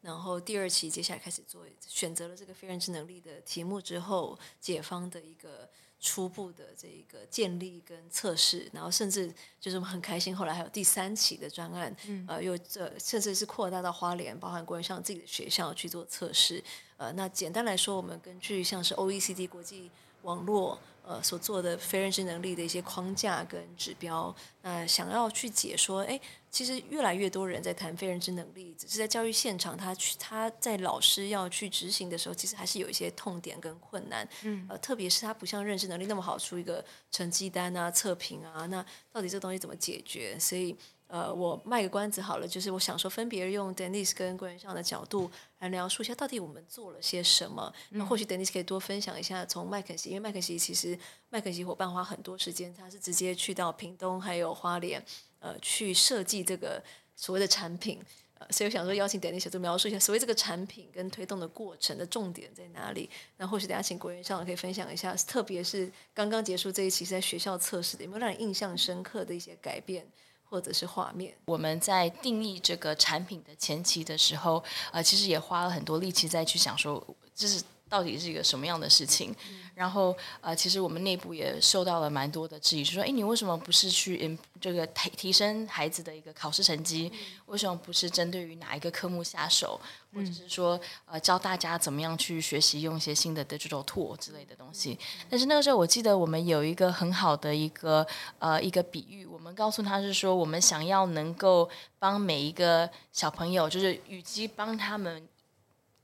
[SPEAKER 3] 然後第二期接下來開始做選擇了這個非認知能力的題目之後，解方的一個初步的這一個建立跟測試，然後甚至就是我們很開心，後來還有第三期的專案，嗯、呃，又這甚至是擴大到花蓮，包含國源校長自己的學校去做測試，呃，那簡單來說，我們根據像是 OECD 國際網絡。呃，所做的非認知能力的一些框架跟指標，那想要去解說，哎、欸，其實越來越多人在談非認知能力，只是在教育現場他，他去他在老師要去執行的時候，其實還是有一些痛點跟困難，嗯，呃，特別是他不像認知能力那麼好出一個成績單啊、測評啊，那到底這東西怎麼解決？所以。呃，我賣個關子好了，就是我想說，分別用 Denise 跟國源校長的角度來描述一下，到底我們做了些什麼。那、嗯、或許 Denise 可以多分享一下，從麥肯錫，因為麥肯錫其實麥肯錫夥伴花很多時間，他是直接去到屏東還有花蓮，呃，去設計這個所謂的產品。呃，所以我想說，邀請 Denise 就描述一下，所謂這個產品跟推動的過程的重點在哪裡。然後或許大家請國源校長可以分享一下，特別是剛剛結束這一期是在學校測試的，有沒有讓人印象深刻的一些改變？或者是畫面，
[SPEAKER 4] 我們在定義這個產品的前期的時候，呃，其實也花了很多力氣再去想說，就是，到底是一個什麼樣的事情？然後，呃，其實我們內部也受到了蠻多的質疑，就說，哎、欸，你為什麼不是去嗯，這個提提升孩子的一個考試成績？為什麼不是針對於哪一個科目下手？或者是說，呃，教大家怎麼樣去學習，用一些新的的這種 digital tool 之類的東西？但是那個時候，我記得我們有一個很好的一個呃一個比喻，我們告訴他是說，我們想要能夠幫每一個小朋友，就是與其幫他們。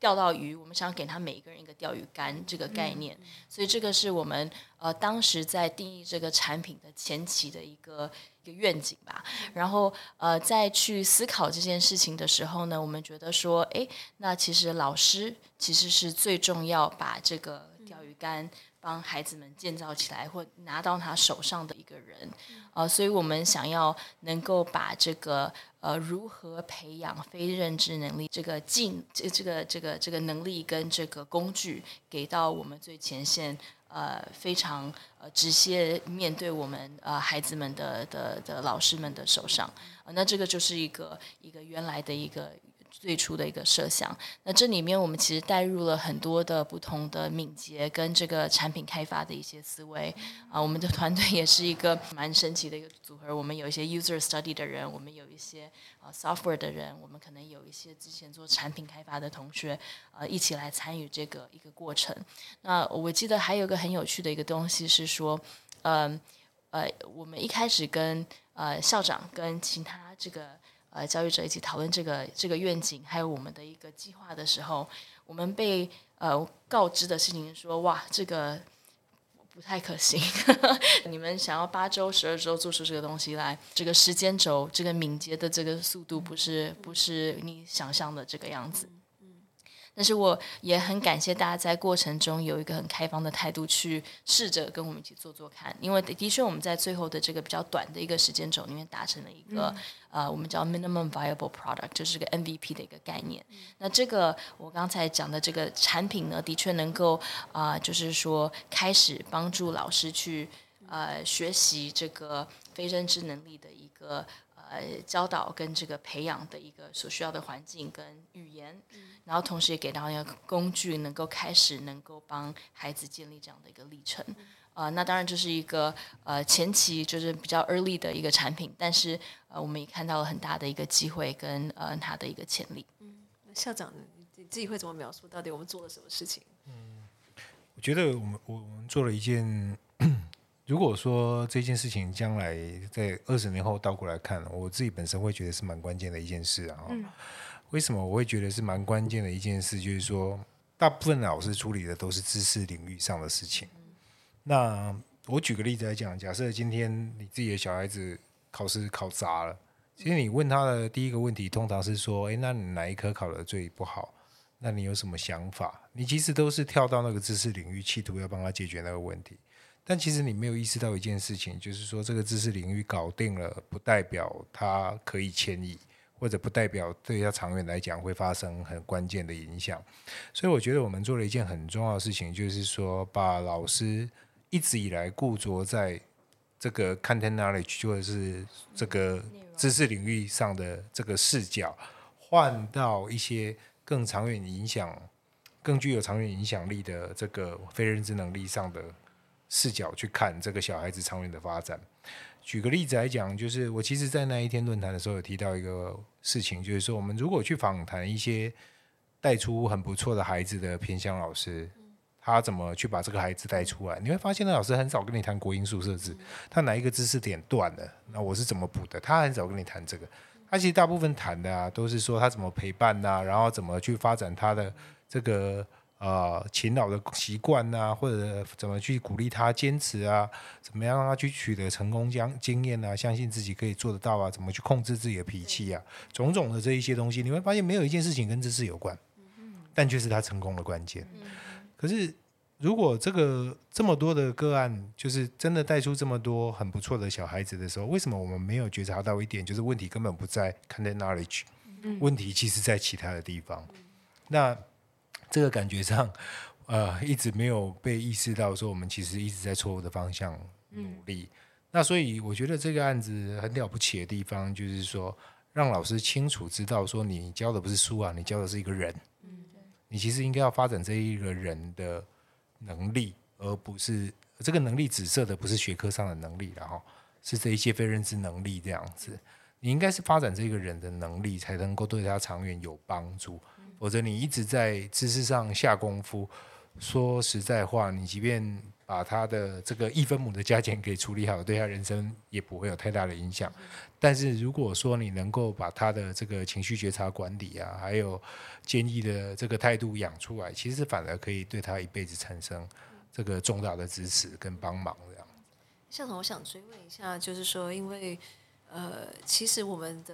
[SPEAKER 4] 釣到魚，我們想給他每一個人一個釣魚竿這個概念，所以這個是我們呃當時在定義這個產品的前期的一個一個願景吧。然後呃再去思考這件事情的時候呢，我們覺得說，哎，那其實老師其實是最重要，把這個釣魚竿。幫孩子們建造起來或拿到他手上的一個人，呃，所以我們想要能夠把這個呃如何培養非認知能力這個進，這個、這個這個這個能力跟這個工具給到我們最前線呃非常呃直接面對我們呃孩子們的的的老師們的手上，呃，那這個就是一個一個原來的一個。最初的一個設想，那這裡面我們其實帶入了很多的不同的敏捷跟這個產品開發的一些思維啊、呃，我們的團隊也是一個蠻神奇的一個組合。我們有一些 user study 的人，我們有一些啊 software 的人，我們可能有一些之前做產品開發的同學，呃，一起來參與這個一個過程。那我記得還有個很有趣的一個東西是說，嗯呃，呃，我們一開始跟呃校長跟其他這個。呃，教育者一起討論這個這個願景，還有我們的一個計劃的時候，我們被呃告知的事情是說，哇，這個不太可行。 你們想要八週、十二週做出這個東西來，這個時間軸、這個敏捷的這個速度，不是不是你想象的這個樣子。但是我也很感謝大家在過程中有一個很開放的態度去試着跟我們一起做做看，因為的確我們在最後的這個比較短的一個時間軸裡面達成了一個、嗯、呃我們叫 minimum viable product，就是個 MVP 的一個概念。那這個我剛才講的這個產品呢，的確能夠啊、呃，就是說開始幫助老師去呃學習這個非認知能力的一個。呃，教導跟這個培養的一個所需要的環境跟語言，嗯、然後同時也給到一個工具，能夠開始能夠幫孩子建立這樣的一個歷程。嗯、呃，那當然就是一個呃前期就是比較 early 的一個產品，但是呃我們也看到了很大的一個機會跟呃他的一個潛力。嗯，
[SPEAKER 3] 那校長你自己會怎麼描述？到底我們做了什麼事情？嗯，
[SPEAKER 1] 我覺得我們我我們做了一件。如果說這件事情將來在二十年後倒過來看，我自己本身會覺得是蠻關鍵的一件事啊。嗯。為什麼我會覺得是蠻關鍵的一件事？就是說，大部分老師處理的都是知識領域上的事情。嗯。那我舉個例子來講，假設今天你自己的小孩子考試考砸了，其實你問他的第一個問題通常是說：“誒，那你哪一科考得最不好？那你有什麼想法？”你其實都是跳到那個知識領域，企圖要幫他解決那個問題。但其實你沒有意識到一件事情，就是說這個知識領域搞定了，不代表它可以遷移，或者不代表對它長遠來講會發生很關鍵的影響。所以我覺得我們做了一件很重要的事情，就是說把老師一直以來固着在這個 content knowledge，就是這個知識領域上的這個視角，換到一些更長遠影響、更具有長遠影響力的這個非認知能力上的。視角去看這個小孩子長遠的發展。舉個例子來講，就是我其實，在那一天論壇的時候有提到一個事情，就是說，我們如果去訪談一些帶出很不錯的孩子的偏鄉老師，他怎麼去把這個孩子帶出來？你會發現，那老師很少跟你談國英數設置，他哪一個知識點斷了，那我是怎麼補的？他很少跟你談這個。他其實大部分談的啊，都是說他怎麼陪伴啊，然後怎麼去發展他的這個。啊、呃，勤勞的習慣吶、啊，或者怎麼去鼓勵他堅持啊，怎麼樣讓他去取得成功將經驗啊，相信自己可以做得到啊，怎麼去控制自己的脾氣啊，種種的這一些東西，你會發現沒有一件事情跟知識有關，但卻是他成功的關鍵。可是如果這個這麼多的個案，就是真的帶出這麼多很不錯的小孩子的時候，為什麼我們沒有覺察到一點？就是問題根本不在 content knowledge，問題其實在其他的地方。那這個感覺上，呃，一直沒有被意識到，說我們其實一直在錯誤的方向努力。嗯、那所以我覺得這個案子很了不起的地方，就是說讓老師清楚知道，說你教的不是書啊，你教的是一個人。嗯、對。你其實應該要發展這一個人的能力，而不是這個能力，指涉的不是學科上的能力，然後是這一些非認知能力這樣子。嗯、你應該是發展這個人的能力，才能夠對他長遠有幫助。或者你一直在知識上下功夫，說實在話，你即便把他的這個異分母的加減給處理好，對他人生也不會有太大的影響。但是如果說你能夠把他的這個情緒覺察管理啊，還有堅毅的這個態度養出來，其實反而可以對他一輩子產生這個重大的支持跟幫忙。這樣，
[SPEAKER 3] 校長、嗯嗯、我想追問一下，就是說，因為呃，其實我們的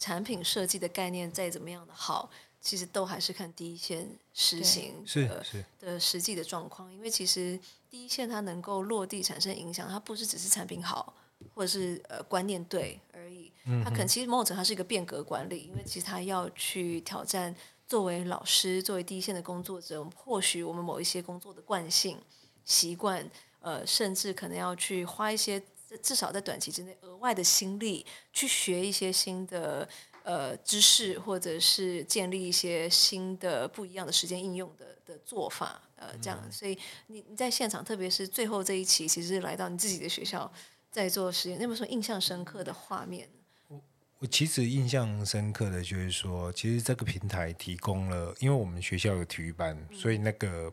[SPEAKER 3] 產品設計的概念再怎麼樣的好。其實都還是看第一線實行的的實際的狀況，因為其實第一線它能夠落地產生影響，它不是只是產品好或者是呃觀念對而已。它可能其實某種程度它是一個變革管理，因為其實它要去挑戰作為老師、作為第一線的工作者，或許我們某一些工作的慣性、習慣，呃，甚至可能要去花一些至少在短期之內額外的心力去學一些新的。呃，知識或者是建立一些新的不一樣的實踐應用的的做法，呃，這樣。嗯、所以你你在現場，特別是最後這一期，其實是來到你自己的學校在做實驗，那麼說，印象深刻的畫面。我
[SPEAKER 1] 我其實印象深刻的，就是說，嗯、其實這個平台提供了，因為我們學校有體育班，嗯、所以那個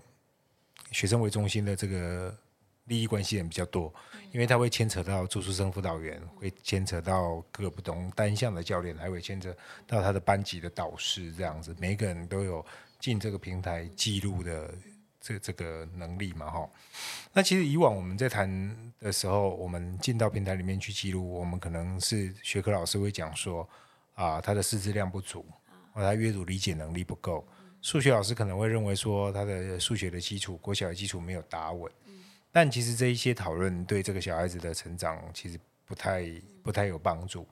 [SPEAKER 1] 學生為中心的這個。利益關係人比較多，因為他會牽扯到住宿生輔導員，會牽扯到各不同單項的教練，還會牽扯到他的班級的導師這樣子，每個人都有進這個平台記錄的這這個能力嘛？哈，那其實以往我們在談的時候，我們進到平台裡面去記錄，我們可能是學科老師會講說啊、呃，他的識字量不足，或他閱讀理解能力不夠；數學老師可能會認為說他的數學的基礎、國小的基礎沒有打穩。但其實這一些討論對這個小孩子的成長其實不太不太有幫助。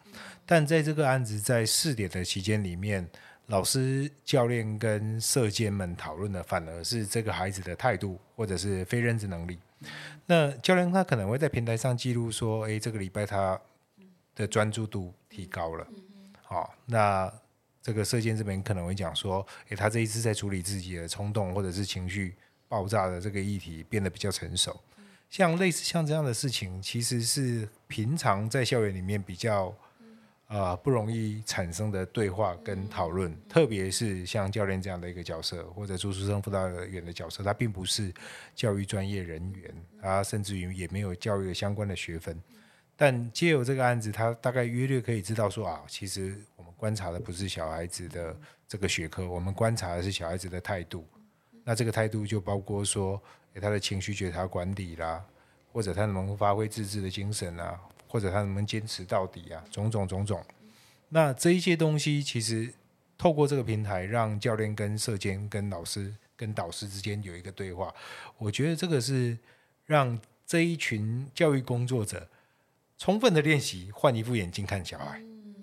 [SPEAKER 1] 但在這個案子在試點的期間裡面，老師、教練跟舍監們討論的反而是這個孩子的態度或者是非認知能力。那教練他可能會在平台上記錄說：“誒、欸，這個禮拜他的專注度提高了。哦”好，那這個舍監這邊可能會講說：“誒、欸，他這一次在處理自己的衝動或者是情緒爆炸的這個議題變得比較成熟。”像類似像這樣的事情，其實是平常在校園裡面比較，啊、呃、不容易產生的對話跟討論。特別是像教練這樣的一個角色，或者住宿生輔導員的角色，他並不是教育專業人員啊，他甚至於也沒有教育相關的學分。但借由這個案子，他大概約略可以知道說啊，其實我們觀察的不是小孩子的這個學科，我們觀察的是小孩子的態度。那這個態度就包括說。給他的情緒覺察管理啦，或者他能發揮自制的精神啊，或者他能不能堅持到底啊，種種種種。那這一些東西，其實透過這個平台，讓教練跟社監、跟老師、跟導師之間有一個對話。我覺得這個是讓這一群教育工作者充分的練習，換一副眼鏡看小孩，嗯、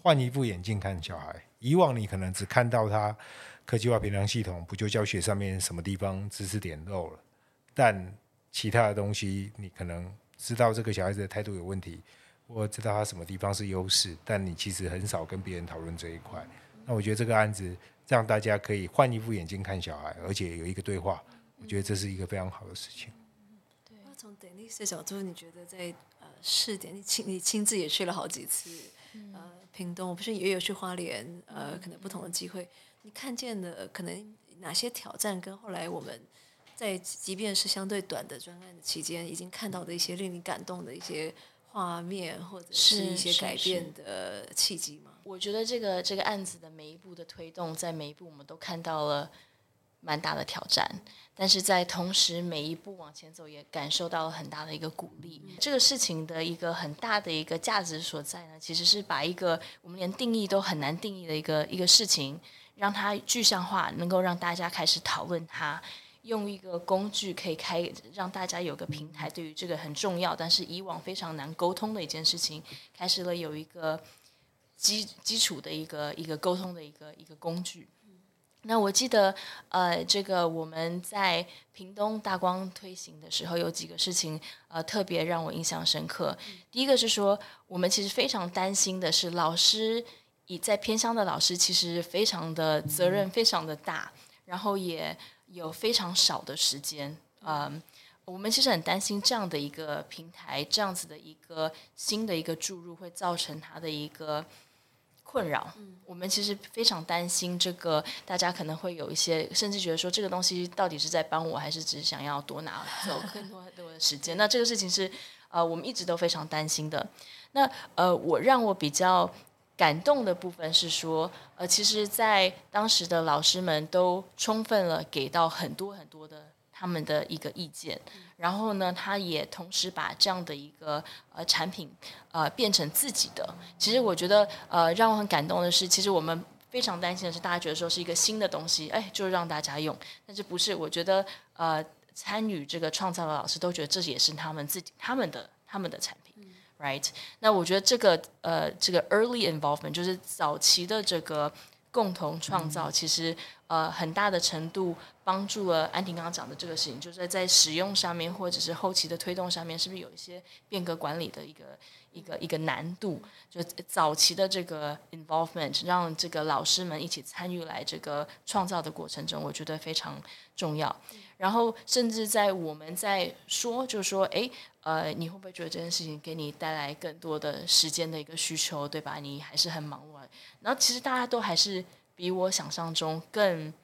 [SPEAKER 1] 換一副眼鏡看小孩。以往你可能只看到他。科技化評量系統，不就教學上面什麼地方知識點漏了？但其他的東西，你可能知道這個小孩子的態度有問題，或者知道他什麼地方是優勢，但你其實很少跟別人討論這一塊。那我覺得這個案子讓大家可以換一副眼鏡看小孩，而且有一個對話，我覺得這是一個非常好的事情、嗯。
[SPEAKER 3] 那從 Denise 的角度，你覺得在呃試點，你親你親自也去了好幾次，呃，屏東我不是也有去花蓮，呃，可能不同的機會。你看見的可能哪些挑戰，跟後來我們在即便是相對短的專案期間已經看到的一些令你感動的一些畫面，或者是一些改變的契機嗎？
[SPEAKER 4] 是是是，我覺得這個這個案子的每一步的推動，在每一步我們都看到了蠻大的挑戰，但是在同時每一步往前走也感受到了很大的一個鼓勵。這個事情的一個很大的一個價值所在呢，其實是把一個我們連定義都很難定義的一個一個事情，讓它具象化，能夠讓大家開始討論它，用一個工具可以開，讓大家有個平台，對於這個很重要，但是以往非常難溝通的一件事情，開始了有一個基基礎的一個一個溝通的一個一個工具。嗯、那我記得，呃，這個我們在屏東大光推行的時候，有幾個事情呃特別讓我印象深刻。嗯、第一個是說，我們其實非常擔心的是老師。在偏鄉的老師其實非常的責任非常的大，然後也有非常少的時間。嗯、um,，我們其實很擔心這樣的一個平台，這樣子的一個新的一個注入會造成他的一個困擾。嗯、我們其實非常擔心這個，大家可能會有一些甚至覺得說這個東西到底是在幫我，還是只是想要多拿走更多很多的時間？ 那這個事情是呃，uh, 我們一直都非常擔心的。那呃，uh, 我讓我比較。感動的部分是說，呃，其實，在當時的老師們都充分了給到很多很多的他們的一個意見，然後呢，他也同時把這樣的一個呃產品呃變成自己的。其實我覺得，呃，讓我很感動的是，其實我們非常擔心的是，大家覺得說是一個新的東西，哎，就是讓大家用，但是不是，我覺得，呃，參與這個創造的老師都覺得這也是他們自己、他們的、他們的產品。Right，那我覺得這個呃，這個 early involvement 就是早期的這個共同創造，其實呃很大的程度幫助了安婷剛剛講的這個事情，就是在使用上面或者是後期的推動上面，是不是有一些變革管理的一個一個一個難度？就早期的這個 involvement 讓這個老師們一起參與來這個創造的過程中，我覺得非常重要。然後，甚至在我們在說，就是說，哎，呃，你會不會覺得這件事情給你帶來更多的時間的一個需求，對吧？你還是很忙碌。然後，其實大家都還是比我想象中更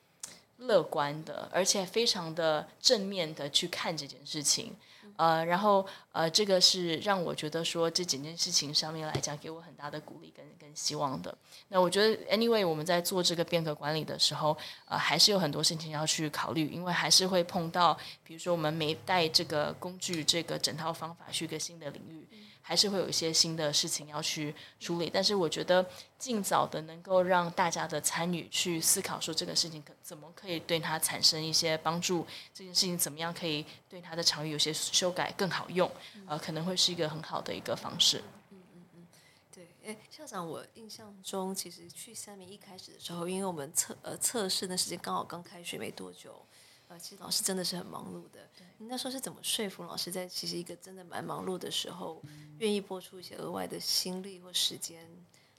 [SPEAKER 4] 樂觀的，而且非常的正面的去看這件事情。呃，然後呃，這個是讓我覺得說這幾件事情上面來講，給我很大的鼓勵跟跟希望的。那我覺得，anyway，我們在做這個變革管理的時候，呃，還是有很多事情要去考慮，因為還是會碰到，比如說我們沒帶這個工具，這個整套方法去一個新的領域。還是會有一些新的事情要去處理，但是我覺得盡早的能夠讓大家的參與去思考，說這個事情可怎麼可以對它產生一些幫助，這件事情怎麼樣可以對它的場域有些修改更好用，呃，可能
[SPEAKER 3] 會是一個很好的一個方式。嗯嗯嗯，對。哎、欸，校長，我印象中其實去三民一開始的時候，因為我們測呃測試的時間剛好剛開學沒多久。呃，其實老師真的是很忙碌的。你那時候是怎麼說服老師，在其實一個真的蠻忙碌的時候，願意撥出一些額外的心力或時間，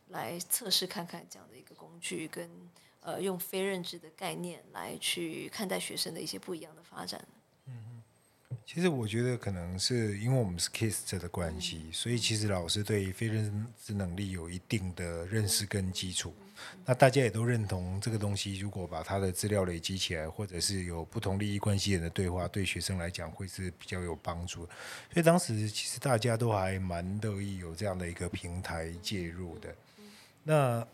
[SPEAKER 3] 來測試看看這樣的一個工具，跟呃用非認知的概念來去看待學生的一些不一樣的發展？嗯哼，
[SPEAKER 1] 其實我覺得可能是因為我們是 KISS 這的關係，所以其實老師對於非認知能力有一定的認識跟基礎。那大家也都認同這個東西，如果把他的資料累積起來，或者是有不同利益關係人的對話，對學生來講會是比較有幫助。所以當時其實大家都還蠻樂意有這樣的一個平台介入的。那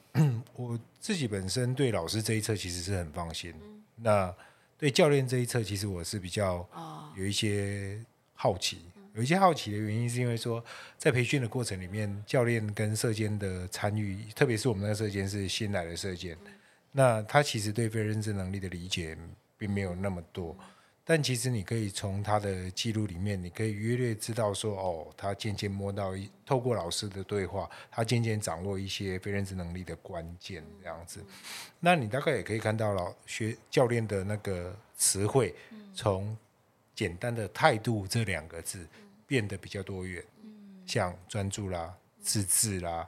[SPEAKER 1] 我自己本身對老師這一側其實是很放心，那對教練這一側其實我是比較有一些好奇。有一些好奇的原因，是因為說在培訓的過程裡面，教練跟射箭的參與，特別是我們那個射箭是新來的射箭，嗯、那他其實對非認知能力的理解並沒有那麼多。但其實你可以從他的記錄裡面，你可以約略知道說，哦，他漸漸摸到，透過老師的對話，他漸漸掌握一些非認知能力的關鍵這樣子。嗯、那你大概也可以看到老學教練的那個詞彙，從簡單的態度這兩個字。變得比較多元，像專注啦、自制啦，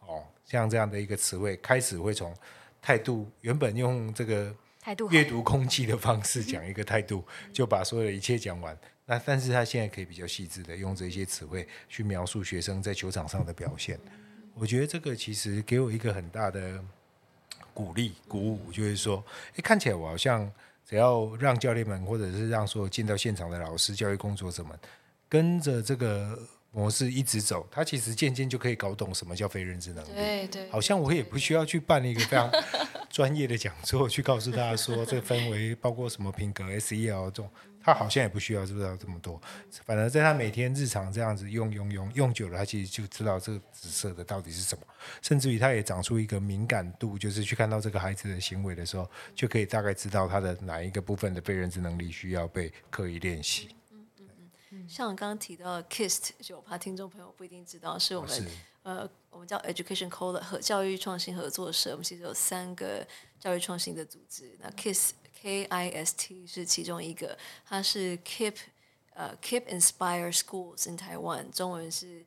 [SPEAKER 1] 哦，像這樣的一個詞彙，開始會從態度，原本用這個態度閱讀空氣的方式講一個態度，就把所有的一切講完。那但是他現在可以比較細緻的用這些詞彙去描述學生在球場上的表現。嗯、我覺得這個其實給我一個很大的鼓勵鼓舞，就是說，誒、欸，看起來我好像只要讓教練們，或者是讓所有進到現場的老師、教育工作者們，跟着這個模式一直走，他其實漸漸就可以搞懂什麼叫非認知能力。對對，對對，好像我也不需要去辦一個非常專業的講座， 去告訴大家說，這分、個、為包括什麼品格、SEL 這種，他好像也不需要知道這麼多。反而在他每天日常這樣子用用用用久了，他其實就知道這個紫色的到底是什麼。甚至於他也長出一個敏感度，就是去看到這個孩子的行為的時候，就可以大概知道他的哪一個部分的非認知能力需要被刻意練習。嗯
[SPEAKER 3] 像我剛剛提到的 KIST，就我怕聽眾朋友不一定知道，是我們是呃，我們叫 Education CoLab 和教育創新合作社。我們其實有三個教育創新的組織，那 KIST K, IST, K I S T 是其中一個，它是 KIPP 呃、uh, KIPP Inspire Schools，in 台灣，中文是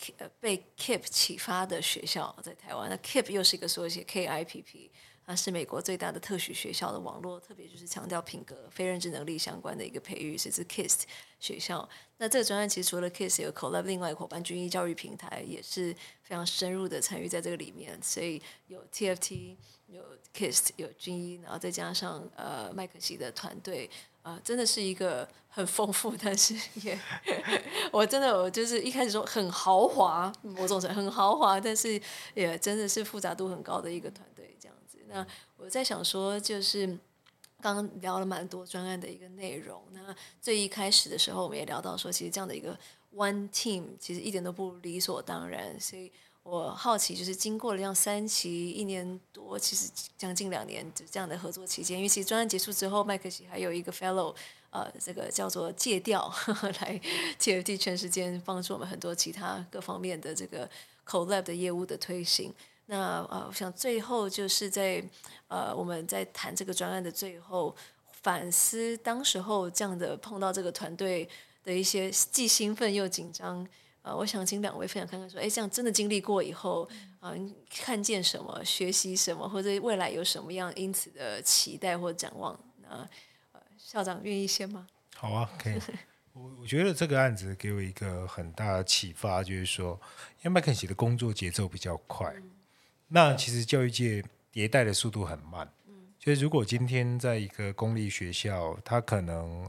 [SPEAKER 3] KIPP, 呃被 KIPP 啟發的學校，在台灣。那 KIPP 又是一個縮寫 K I P P。P, 啊，是美國最大的特許學校的網絡，特別就是強調品格、非認知能力相關的一個培育，是 KIST 學校。那這個專案其實除了 KIST 有 Collab 另外伙伴均一教育平台也是非常深入的參與在這個裡面，所以有 TFT 有 KIST 有均一，然後再加上呃麥肯錫的團隊，啊、呃，真的是一個很豐富，但是也我真的我就是一開始說很豪華，我總是很豪華，但是也真的是複雜度很高的一個團隊。那我在想說，就是剛剛聊了蠻多專案的一個內容。那最一開始的時候，我們也聊到說，其實這樣的一個 one team，其實一點都不理所當然。所以我好奇，就是經過了這樣三期一年多，其實將近兩年這樣的合作期間，因為其實專案結束之後，麥肯錫還有一個 fellow，呃，這個叫做借調來 TFT 全時間幫助我們很多其他各方面的這個 collab 的業務的推行。那呃，我想最後就是在，呃，我們在談這個專案的最後反思，當時候這樣的碰到這個團隊的一些既興奮又緊張，呃，我想請兩位分享看看，說，哎，這樣真的經歷過以後啊，呃，看見什麼，學習什麼，或者未來有什麼樣因此的期待或展望？那，呃，校長願意先嗎？
[SPEAKER 1] 好啊，可、okay. 以。 我我覺得這個案子給我一個很大的啟發，就是說，因為麥肯錫的工作節奏比較快。嗯那其實教育界迭代的速度很慢，所以，嗯、如果今天在一個公立學校，他可能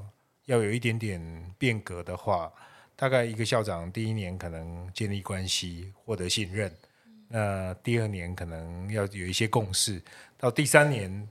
[SPEAKER 1] 要有一點點變革的話，大概一個校長第一年可能建立關係、獲得信任，嗯、那第二年可能要有一些共識，到第三年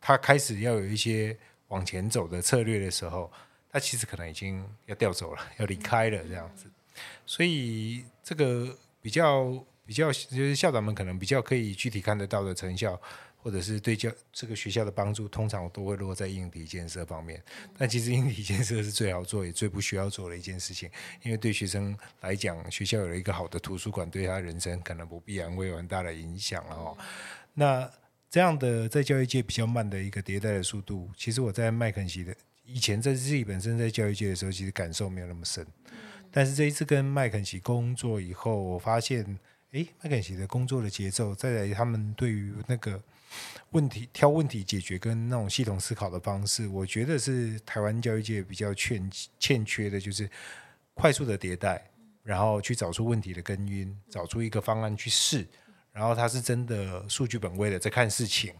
[SPEAKER 1] 他開始要有一些往前走的策略的時候，他其實可能已經要調走了，要離開了這樣子，嗯、所以這個比較。比較就是校長們可能比較可以具體看得到的成效，或者是對教這個學校的幫助，通常都會落在硬體建設方面。但其實硬體建設是最好做也最不需要做的一件事情，因為對學生來講，學校有了一個好的圖書館，對他人生可能不必然會有很大的影響哦。嗯、那這樣的在教育界比較慢的一個迭代的速度，其實我在麥肯錫的以前在自己本身在教育界的時候，其實感受沒有那麼深。嗯、但是這一次跟麥肯錫工作以後，我發現。哎，麥肯錫的工作的節奏，再來他們對於那個問題挑問題解決跟那種系統思考的方式，我覺得是台灣教育界比較欠缺的，就是快速的迭代，然後去找出問題的根源，找出一個方案去試，然後他是真的數據本位的在看事情。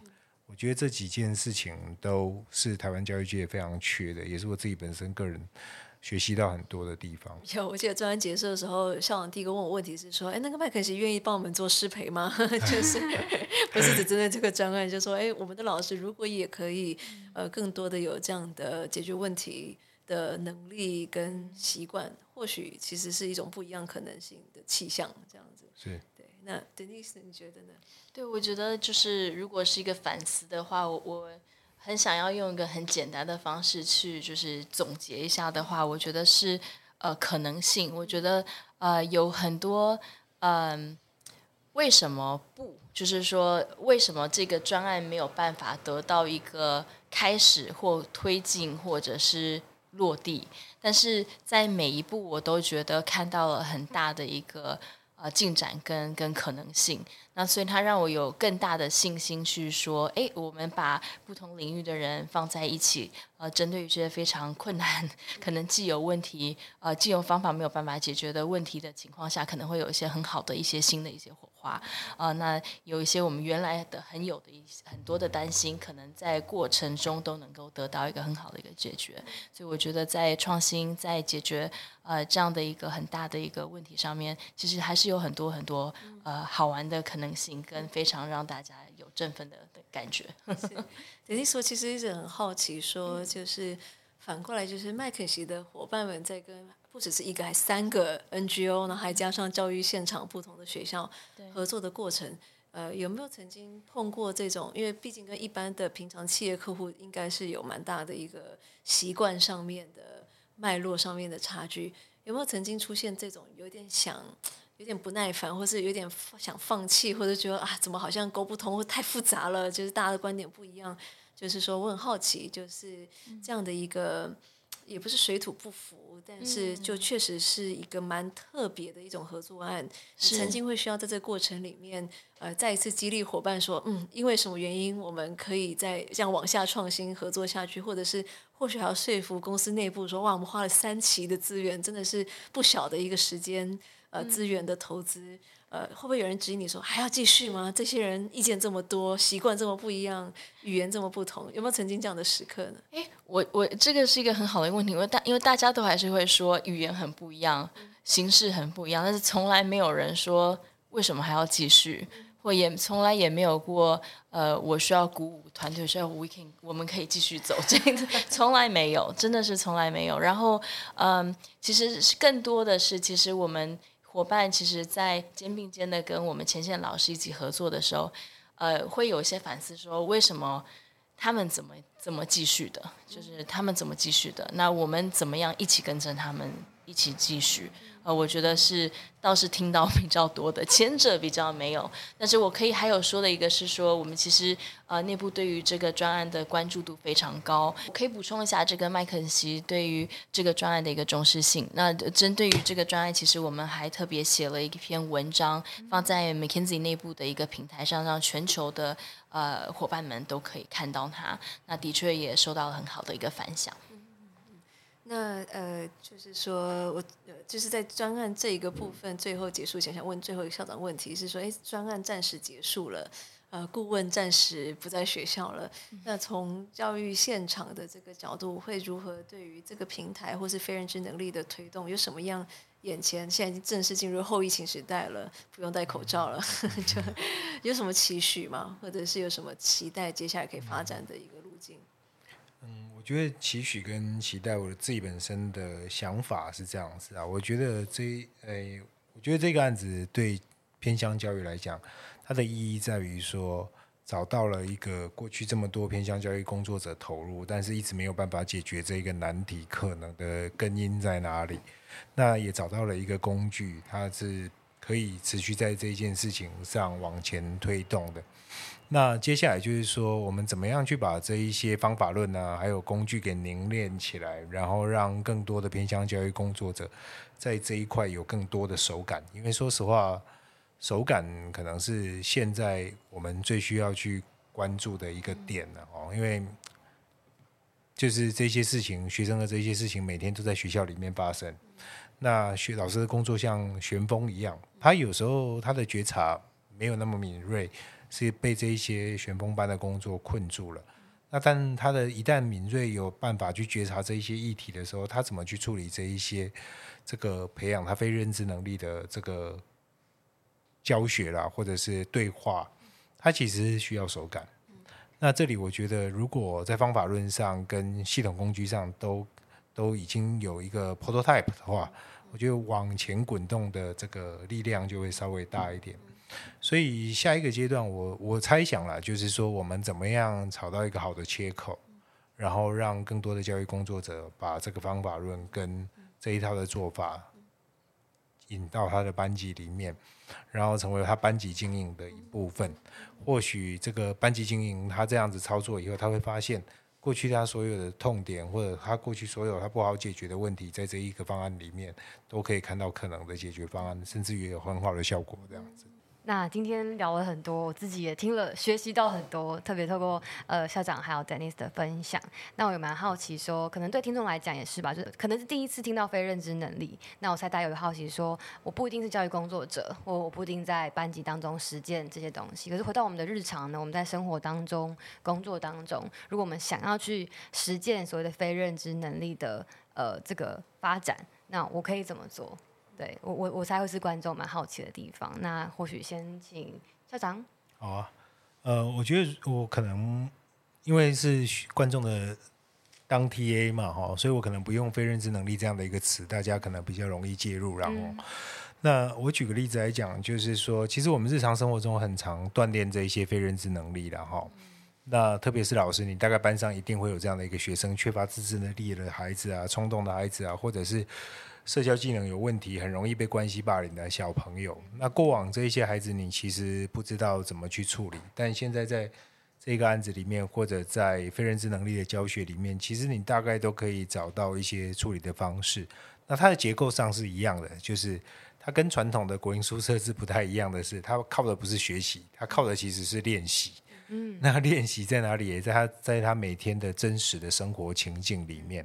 [SPEAKER 1] 我覺得這幾件事情都是台灣教育界非常缺的，也是我自己本身個人，學習到很多的地方。有，
[SPEAKER 3] 我記得專案結束的時候，校長第一個問我問題是說：“哎、欸，那個麥肯錫願意幫我們做師培嗎？”就是 不是只針對這個專案，就是、說：“哎、欸，我們的老師如果也可以，呃，更多的有這樣的解決問題的能力跟習慣，或許其實是一種不一樣可能性的氣象，這樣子。”是。對，那 Denise 你覺得呢？對，我覺得
[SPEAKER 4] 就是如果是一個反思的話，我我。很想要用一個很簡單的方式去，就是總結一下的話，我覺得是呃可能性。我覺得呃有很多嗯、呃，為什麼不？就是說為什麼這個專案沒有辦法得到一個開始或推進或者是落地？但是在每一步，我都覺得看到了很大的一個呃進展跟跟可能性。那所以他讓我有更大的信心去說，哎、欸，我們把不同領域的人放在一起，呃，針對於一些非常困難，可能既有問題，呃，既有方法沒有辦法解決的問題的情況下，可能會有一些很好的一些新的一些活動。話啊、呃，那有一些我們原來的很有的一些很多的擔心，可能在過程中都能夠得到一個很好的一個解決。所以我覺得在創新、在解決呃這樣的一個很大的一個問題上面，其實還是有很多很多呃好玩的可能性，跟非常讓大家
[SPEAKER 3] 有振奮的感覺。Denise，其實一直很好奇，說就是反過來，就是麥肯錫的夥伴們在跟。不只是一個，還三個 NGO 呢，還加上教育現場不同的學校合作的過程。對呃，有沒有曾經碰過這種？因為畢竟跟一般的平常企業客戶，應該是有蠻大的一個習慣上面的脈絡上面的差距。有沒有曾經出現這種有點想，有點不耐煩，或是有點想放棄，或者覺得啊，怎麼好像溝不通，或太複雜了，就是大家的觀點不一樣。就是說，我很好奇，就是這樣的一個。嗯嗯也不是水土不服，但是就確實是一個蠻特別的一種合作案，嗯、曾經會需要在這個過程裡面，呃，再一次激勵夥伴說，嗯，因為什麼原因，我們可以再這樣往下創新合作下去，或者是或許還要說服公司內部說，哇，我們花了三期的資源，真的是不小的一個時間，呃，資源的投資。嗯呃，會不會有人指引你說還要繼續嗎？這些人意見這麼多，習慣這麼不一樣，語言這麼不同，有沒有曾經這樣的時刻呢？誒、欸，我我
[SPEAKER 4] 這個是一個很好的問題，因為大因為大家都還是會說語言很不一樣，形式很不一樣，但是從來沒有人說為什麼還要繼續，或也從來也沒有過呃，我需要鼓舞團隊，需要 we k i n 我們可以繼續走這個從來沒有，真的是從來沒有。然後嗯、呃，其實是更多的是，其實我們。夥伴其實，在肩並肩的跟我們前線老師一起合作的時候，呃，會有一些反思，說為什麼他們怎麼怎麼繼續的，就是他們怎麼繼續的，那我們怎麼樣一起跟着他們一起繼續。我覺得是倒是聽到比較多的，前者比較沒有。但是我可以還有說的一個是說，我們其實呃內部對於這個專案的關注度非常高。我可以補充一下，這個麥肯錫對於這個專案的一個重視性。那針對於這個專案，其實我們還特別寫了一篇文章，放在 McKinsey 內部的一個平台上，讓全球的呃夥伴們都可以看到它。那的確也受到了很好的一個反響。
[SPEAKER 3] 那呃，就是說，我就是在專案這一個部分最後結束前，想問最後一個校長問題，是說，哎，專案暫時結束了，呃，顧問暫時不在學校了。那從教育現場的這個角度，會如何對於這個平台或是非認知能力的推動，有什麼樣？眼前現在已經正式進入後疫情時代了，不用戴口罩了， 就有什麼期許嗎？或者是有什麼期待，接下來可以發展的一個？
[SPEAKER 1] 覺得期許跟期待，我自己本身的想法是這樣子啊。我覺得這，哎、欸，我覺得這個案子對偏鄉教育來講，它的意義在於說，找到了一個過去這麼多偏鄉教育工作者投入，但是一直沒有辦法解決這一個難題，可能的根因在哪裡？那也找到了一個工具，它是可以持續在這件事情上往前推動的。那接下來就是說，我們怎麼樣去把這一些方法論呢，啊，還有工具給凝練起來，然後讓更多的偏鄉教育工作者在這一塊有更多的手感。因為說實話，手感可能是現在我們最需要去關注的一個點了哦。因為就是這些事情，學生的這些事情，每天都在學校裡面發生。那學老師的工作像旋風一樣，他有時候他的覺察沒有那麼敏銳。是被這一些旋風般的工作困住了。那但他的一旦敏銳有辦法去覺察這一些議題的時候，他怎麼去處理這一些這個培養他非認知能力的這個教學啦，或者是對話，他其實需要手感。那這裡我覺得，如果在方法論上跟系統工具上都都已經有一個 prototype 的話，我覺得往前滾動的這個力量就會稍微大一點。所以下一個階段我，我我猜想了，就是說我們怎麼樣找到一個好的切口，然後讓更多的教育工作者把這個方法論跟這一套的做法引到他的班級裡面，然後成為他班級經營的一部分。或許這個班級經營他這樣子操作以後，他會發現過去他所有的痛點或者他過去所有他不好解決的問題，在這一個方案裡面都可以看到可能的解決方案，甚至於也有很好的效果這樣子。
[SPEAKER 2] 那今天聊了很多，我自己也聽了，學習到很多。特別透過呃校長還有 Denise 的分享，那我有蠻好奇說，說可能對聽眾來講也是吧，就可能是第一次聽到非認知能力。那我才大有好奇說，我不一定是教育工作者，我我不一定在班級當中實踐這些東西。可是回到我們的日常呢，我們在生活當中、工作當中，如果我們想要去實踐所謂的非認知能力的呃這個發展，那我可以怎麼做？對，我我我猜會是觀眾蠻好奇的地方。那或許先請校長。
[SPEAKER 1] 好啊，呃，我覺得我可能因為是觀眾的當 TA 嘛，哈，所以我可能不用“非認知能力”這樣的一個詞，大家可能比較容易介入。然後，嗯、那我舉個例子來講，就是說，其實我們日常生活中很常鍛鍊這一些非認知能力的哈。嗯、那特別是老師，你大概班上一定會有這樣的一個學生，缺乏自制能力的孩子啊，衝動的孩子啊，或者是。社交技能有問題，很容易被關係霸凌的小朋友。那過往這一些孩子，你其實不知道怎麼去處理。但現在在這個案子裡面，或者在非認知能力的教學裡面，其實你大概都可以找到一些處理的方式。那它的結構上是一樣的，就是它跟傳統的國英數設置不太一樣的是，它靠的不是學習，它靠的其實是練習。嗯，那練習在哪裡？也在他，在他每天的真實的生活情境裡面。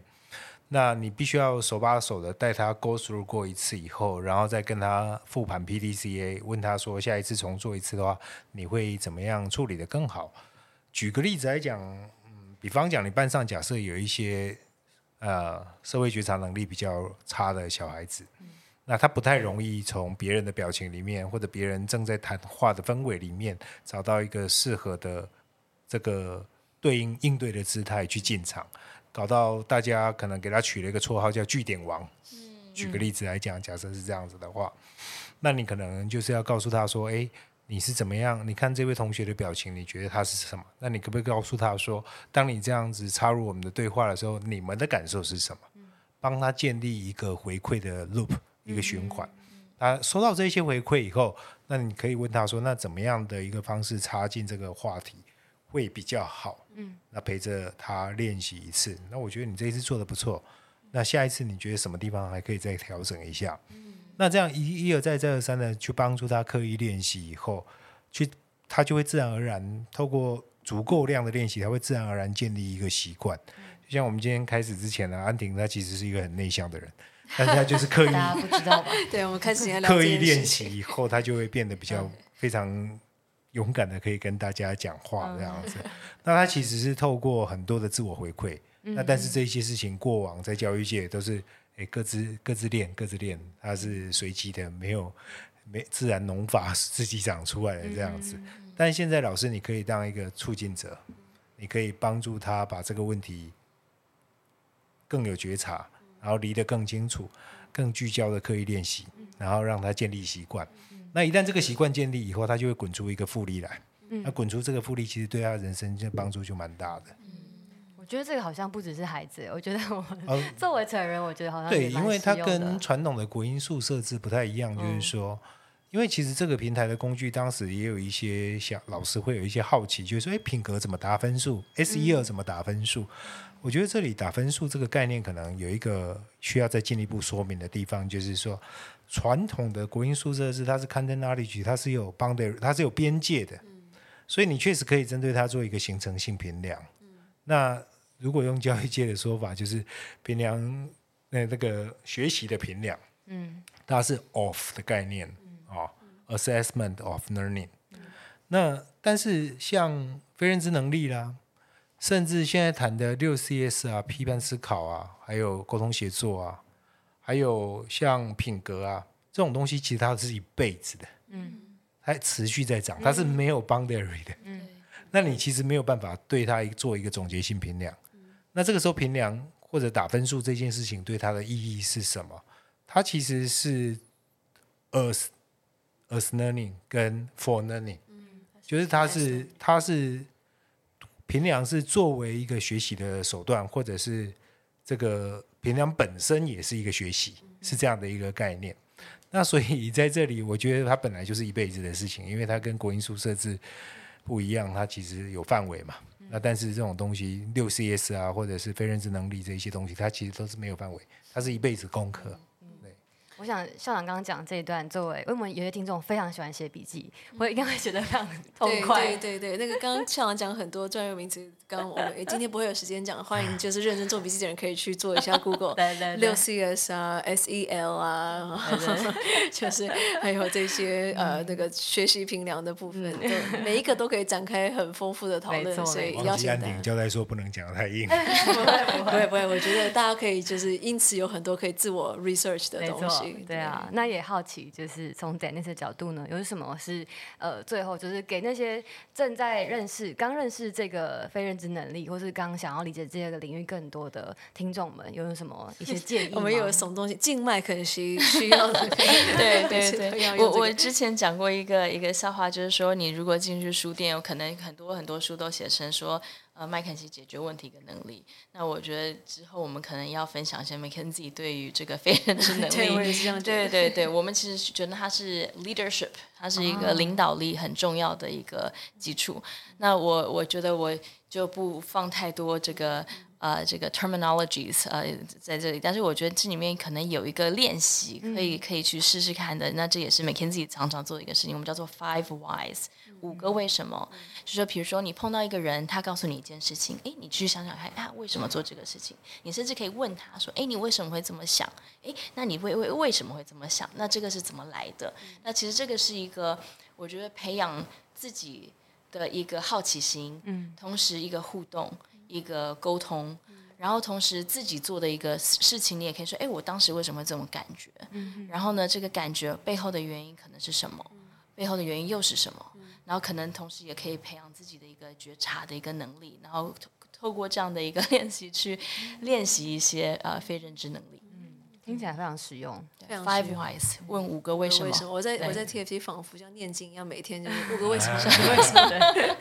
[SPEAKER 1] 那你必須要手把手的帶他 go through 過一次以後，然後再跟他復盤 PDCA，問他說，下一次重做一次的話，你會怎麼樣處理得更好？舉個例子來講，比方講你班上假設有一些呃、社會覺察能力比較差的小孩子，嗯、那他不太容易從別人的表情裡面或者別人正在談話的氛圍裡面找到一個適合的這個對應應對的姿態去進場。搞到大家可能給他取了一個綽號叫“句點王”。嗯、舉個例子來講，假設是這樣子的話，那你可能就是要告訴他說：“誒，你是怎麼樣？你看這位同學的表情，你覺得他是什麼？”那你可不可以告訴他說：“當你這樣子插入我們的對話的時候，你們的感受是什麼？”嗯、幫他建立一個回饋的 loop，一個循環。嗯，他、嗯啊、收到這些回饋以後，那你可以問他說：“那怎麼樣的一個方式插進這個話題會比較好？”嗯，那陪着他練習一次，那我覺得你這一次做得不錯，那下一次你覺得什麼地方還可以再調整一下？嗯，那這樣一一而再再而三的去幫助他刻意練習以後，去他就會自然而然透過足夠量的練習，他會自然而然建立一個習慣。嗯，就像我們今天開始之前呢，啊，安婷她其實是一個很內向的人，但他就是刻意，
[SPEAKER 3] 刻意練習
[SPEAKER 1] 以後，他就會變得比較非常。勇敢的可以跟大家講話這樣子，Okay. 那他其實是透過很多的自我回饋。嗯嗯，那但是這些事情過往在教育界，都是誒、欸、各自各自練各自練，他是隨機的，沒有沒自然農法自己長出來的這樣子。嗯嗯，但現在老師，你可以當一個促進者，你可以幫助他把這個問題更有覺察，然後離得更清楚、更聚焦的刻意練習，然後讓他建立習慣。嗯嗯那一旦這個習慣建立以後，他就會滾出一個複利來。嗯，那、啊、滾出這個複利，其實對他人生就幫助就蠻大的、嗯。
[SPEAKER 2] 我覺得這個好像不只是孩子，我覺得我、呃、作為成人，我覺得好像是對，因為它跟
[SPEAKER 1] 傳統的國英數設置不太一樣，嗯、就是說，因為其實這個平台的工具，當時也有一些小老師會有一些好奇，就是說：“哎，品格怎麼打分數？S e 二、嗯、怎麼打分數？”我覺得這裡打分數這個概念，可能有一個需要再進一步說明的地方，就是說。傳統的國英數社是它是 content knowledge，它是有 boundary，它是有邊界的，嗯、所以你確實可以針對它做一個形成性評量。嗯、那如果用教育界的說法，就是評量，那這個學習的評量，嗯、它是 of 的概念啊，assessment of learning。嗯、那但是像非認知能力啦，甚至現在談的六 Cs 啊、批判思考啊、還有溝通協作啊。還有像品格啊這種東西，其實它是一輩子的，
[SPEAKER 4] 嗯，
[SPEAKER 1] 還持續在長，它是沒有 boundary 的，嗯，嗯，那你其實沒有辦法對它一做一個總結性評量，嗯，那這個時候評量或者打分數這件事情對它的意義是什麼？它其實是 as as learning 跟 for learning，嗯，就是它是它是評量是作為一個學習的手段，或者是這個。平常本身也是一個學習，是這樣的一個概念。那所以在這裡，我覺得它本來就是一輩子的事情，因為它跟國英數設置不一樣，它其實有範圍嘛。那但是這種東西，六 Cs 啊，或者是非認知能力這一些東西，它其實都是沒有範圍，它是一輩子功課。
[SPEAKER 2] 我想校長剛剛講這一段，作為我們有些聽眾非常喜歡寫筆記，我也一定會覺得非常痛快。對對
[SPEAKER 3] 對，那個剛剛校長講很多專業名詞，剛我們今天不會有時間講，歡迎就是認真做筆記的人可以去做一下 Google，六 CS 啊，SEL 啊，就是還有這些呃那個學習評量的部分，每一個都可以展開很豐富的討論。以吉要你
[SPEAKER 1] 交代說不能講太硬。
[SPEAKER 3] 不會不會，我覺得大家可以就是因此有很多可以自我 research 的東西。對，對，對啊，那也好奇，就
[SPEAKER 2] 是從 Denise 的角度呢，有什麼是呃，最後就是給那些正在認識、剛認識這個非認知能力，或是剛想要理解這個領域更多的聽眾
[SPEAKER 4] 們，有沒有什麼一些建議？ 我們有什
[SPEAKER 3] 麼東西靜脈可能需需要的 對對對，我我之
[SPEAKER 4] 前講過一個一個笑話，就是說你如果進去書店，有可能很多很多書都寫成說。呃，麥肯錫解決問題的能力。那我覺得之後我們可能要分享一下麥肯錫對於這個非認知能力， 對，對，對對對，我們其實是覺得它是 leadership，它是一個領導力很重要的一個基礎。Oh. 那我我覺得我就不放太多這個呃這個 terminologies 呃在這裡，但是我覺得這裡面可能有一個練習可以可以去試試看的。那這也是麥肯錫常常做的一個事情，我們叫做 five whys 五個為什麼，就是、說比如說你碰到一個人，他告訴你一件事情，哎、欸，你去想想看，他、啊、為什麼做這個事情？你甚至可以問他說，哎、欸，你為什麼會這麼想？哎、欸，那你會為為什麼會這麼想？那這個是怎麼來的？那其實這個是一個，我覺得培養自己的一個好奇心，嗯，同時一個互動，一個溝通，然後同時自己做的一個事情，你也可以說，哎、欸，我當時為什麼會這麼感覺？然後呢，這個感覺背後的原因可能是什麼？背後的原因又是什麼？然後可能同時也可以培養自己的一個覺察的一個能力，然後透過這樣的一個練習去練習一些呃非認知能力。嗯，聽起來非常實用。對 Five Whys 非常實用問五個為什麼？我在對我在
[SPEAKER 3] TFT 仿佛像念經一樣，每天就是五個為什麼？五個為什麼？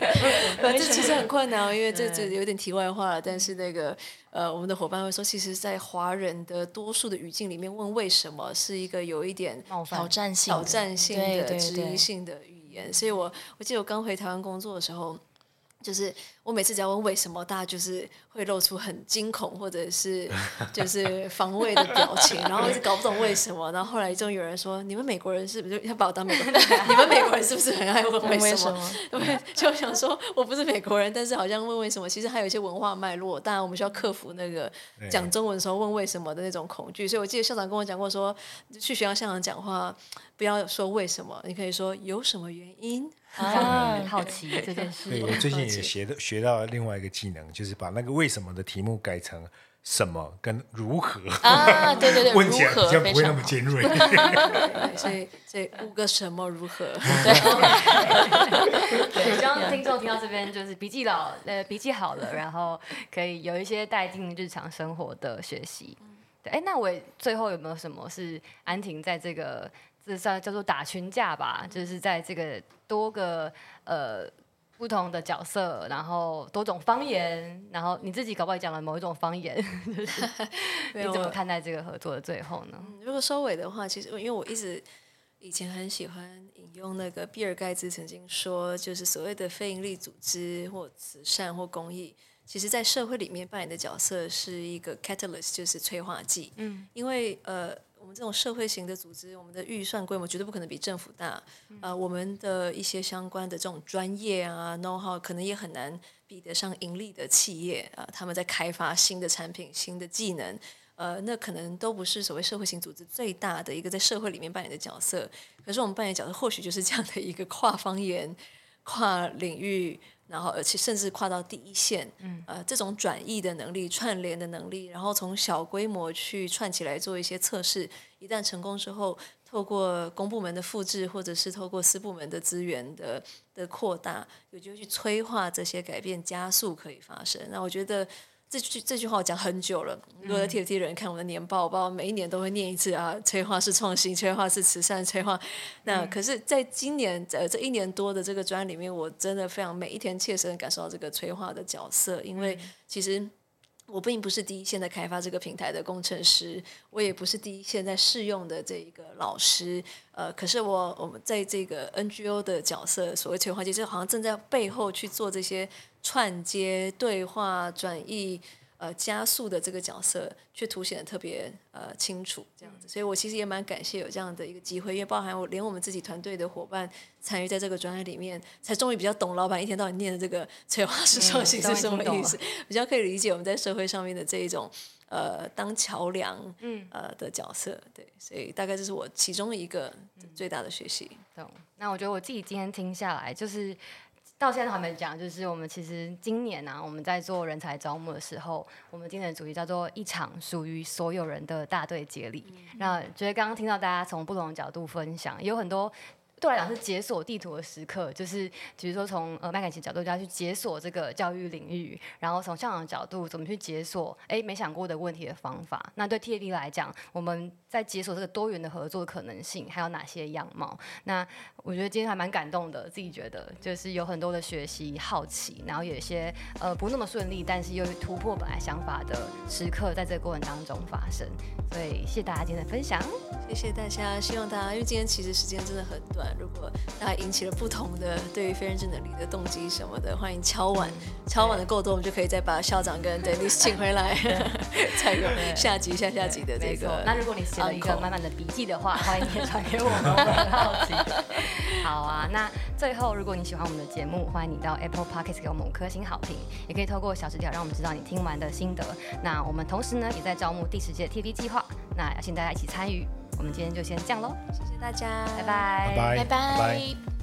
[SPEAKER 3] 反正 其實很困難，因為這對這有點題外話了。但是那個呃，我們的伙伴會說，其實，在華人的多數的語境裡面，問為什麼是一個有一點挑戰性、冒犯挑戰性的質疑性的。所以我，我我記得我剛回台灣工作的時候，就是。我每次只要問為什麼，大家就是會露出很驚恐或者是就是防衛的表情， 然後一直搞不懂為什麼。然後後來終於有人說：“你們美國人是不是要把我當美國人？ 你們美國人是不是很愛問為什麼？”什麼對，對，就想說我不是美國人，但是好像問為什麼，其實還有一些文化脈絡。當然，我們需要克服那個講中文的時候問為什麼的那種恐懼。啊、所以我記得校長跟我講過說，說去學校校長講話不要說為什麼，你可以說有什麼原因。哦、 好奇這件事。我最近也
[SPEAKER 1] 學的學。 學到另外一個技能，就是把那個“為什麼”的題目改成“什麼”跟“如何”。啊，對對對，問起來比較不會那麼尖銳。非常好。
[SPEAKER 3] 對對對，所以，所以五個什麼如何？對，哦、對，對，對，希望聽眾聽到這
[SPEAKER 2] 邊就是筆記老，呃，筆記好了，然後可以有一些帶進日常生活的學習。對，哎，那我最後有沒有什麼是安婷在這個這算叫做打群架吧？就是在這個多個呃。不同的角色，然後多種方言，嗯、然後你自己搞不好講了某一種方言，
[SPEAKER 3] 嗯、 你怎麼看
[SPEAKER 2] 待這個合作的最後呢？嗯、
[SPEAKER 3] 如果收尾的話，其實因為我一直以前很喜歡引用那個比爾蓋茨曾經說，就是所謂的非營利組織或慈善或公益，其實在社會裡面扮演的角色是一個 catalyst，就是催化劑。嗯，因為呃。我們這種社會型的組織，我們的預算規模絕對不可能比政府大。嗯、呃，我們的一些相關的這種專業啊，know how 可能也很難比得上盈利的企業啊、呃，他們在開發新的產品、新的技能，呃，那可能都不是所謂社會型組織最大的一個在社會裡面扮演的角色。可是我們扮演角色，或許就是這樣的一個跨方言、跨領域。然後，而且甚至跨到第一線，嗯，呃，這種轉移的能力、串聯的能力，然後從小規模去串起來做一些測試，一旦成功之後，透過公部門的複製，或者是透過私部門的資源的，的擴大，有機會去催化這些改變加速可以發生。那我覺得。這句這句話我講很久了，如果 TFT 人看我的年報，包括每一年都會念一次啊，催化式創新，催化式慈善，催化。那可是，在今年在、呃、這一年多的這個專案裡面，我真的非常每一天切身感受到這個催化的角色，因為其實。我並不是第一線在開發這個平台的工程師，我也不是第一線在試用的這一個老師，呃，可是我我們在這個 NGO 的角色，所謂催化劑，就是、好像正在背後去做這些串接、對話、轉譯。呃，加速的這個角色卻凸顯得特別呃清楚，這樣子，所以我其實也蠻感謝有這樣的一個機會，因為包含我連我們自己團隊的伙伴參與在這個專案裡面，才終於比較懂老板一天到晚念的這個催化式創新是什麼意思，比較可以理解我們在社會上面的這一種呃當橋梁，嗯、呃，呃的角色，對，所以大概這是我其中一個最大的學習，嗯。懂。
[SPEAKER 2] 那我覺得我自己今天聽下來就是，到現在還沒講，就是我們其實今年呢、啊，我們在做人才招募的時候，我們今年的主題叫做一場屬於所有人的大隊接力。那覺得剛剛聽到大家從不同的角度分享，也有很多對來講是解鎖地圖的時刻，就是比如說從呃麥肯錫角度就要去解鎖這個教育領域，然後從校長的角度怎麼去解鎖哎沒想過的問題的方法。那對 TFT 來講，我們。在解鎖這個多元的合作的可能性，還有哪些樣貌？那我覺得今天還蠻感動的，自己覺得就是有很多的學習、好奇，然後有一些呃不那麼順利，但是又突破本來想法的時刻，在這個過程
[SPEAKER 3] 當中發生。所以謝謝大家今天的分享，謝謝大家。希望大家因為今天其實時間真的很短，如果大家引起了不同的對於非認知能力的動機什麼的，歡迎敲碗、嗯、敲碗的夠多，嗯、我們就可以再把校長跟 對，你請回來，再 有對下集、下下集的這個。那如果你是一個滿滿的筆記的話，歡迎你傳給我， 我們，
[SPEAKER 2] 我很好奇。好啊，那最後如果你喜歡我們的節目，歡迎你到 Apple Podcast 給我們五顆星好評，也可以透過小紙條讓我們知道你聽完的心得。那我們同時呢也在招募第十屆 TFT 計劃，那邀請大家一起參與。我們今天就先這樣嘍，謝
[SPEAKER 3] 謝大家，
[SPEAKER 2] 拜，
[SPEAKER 4] 拜拜，拜。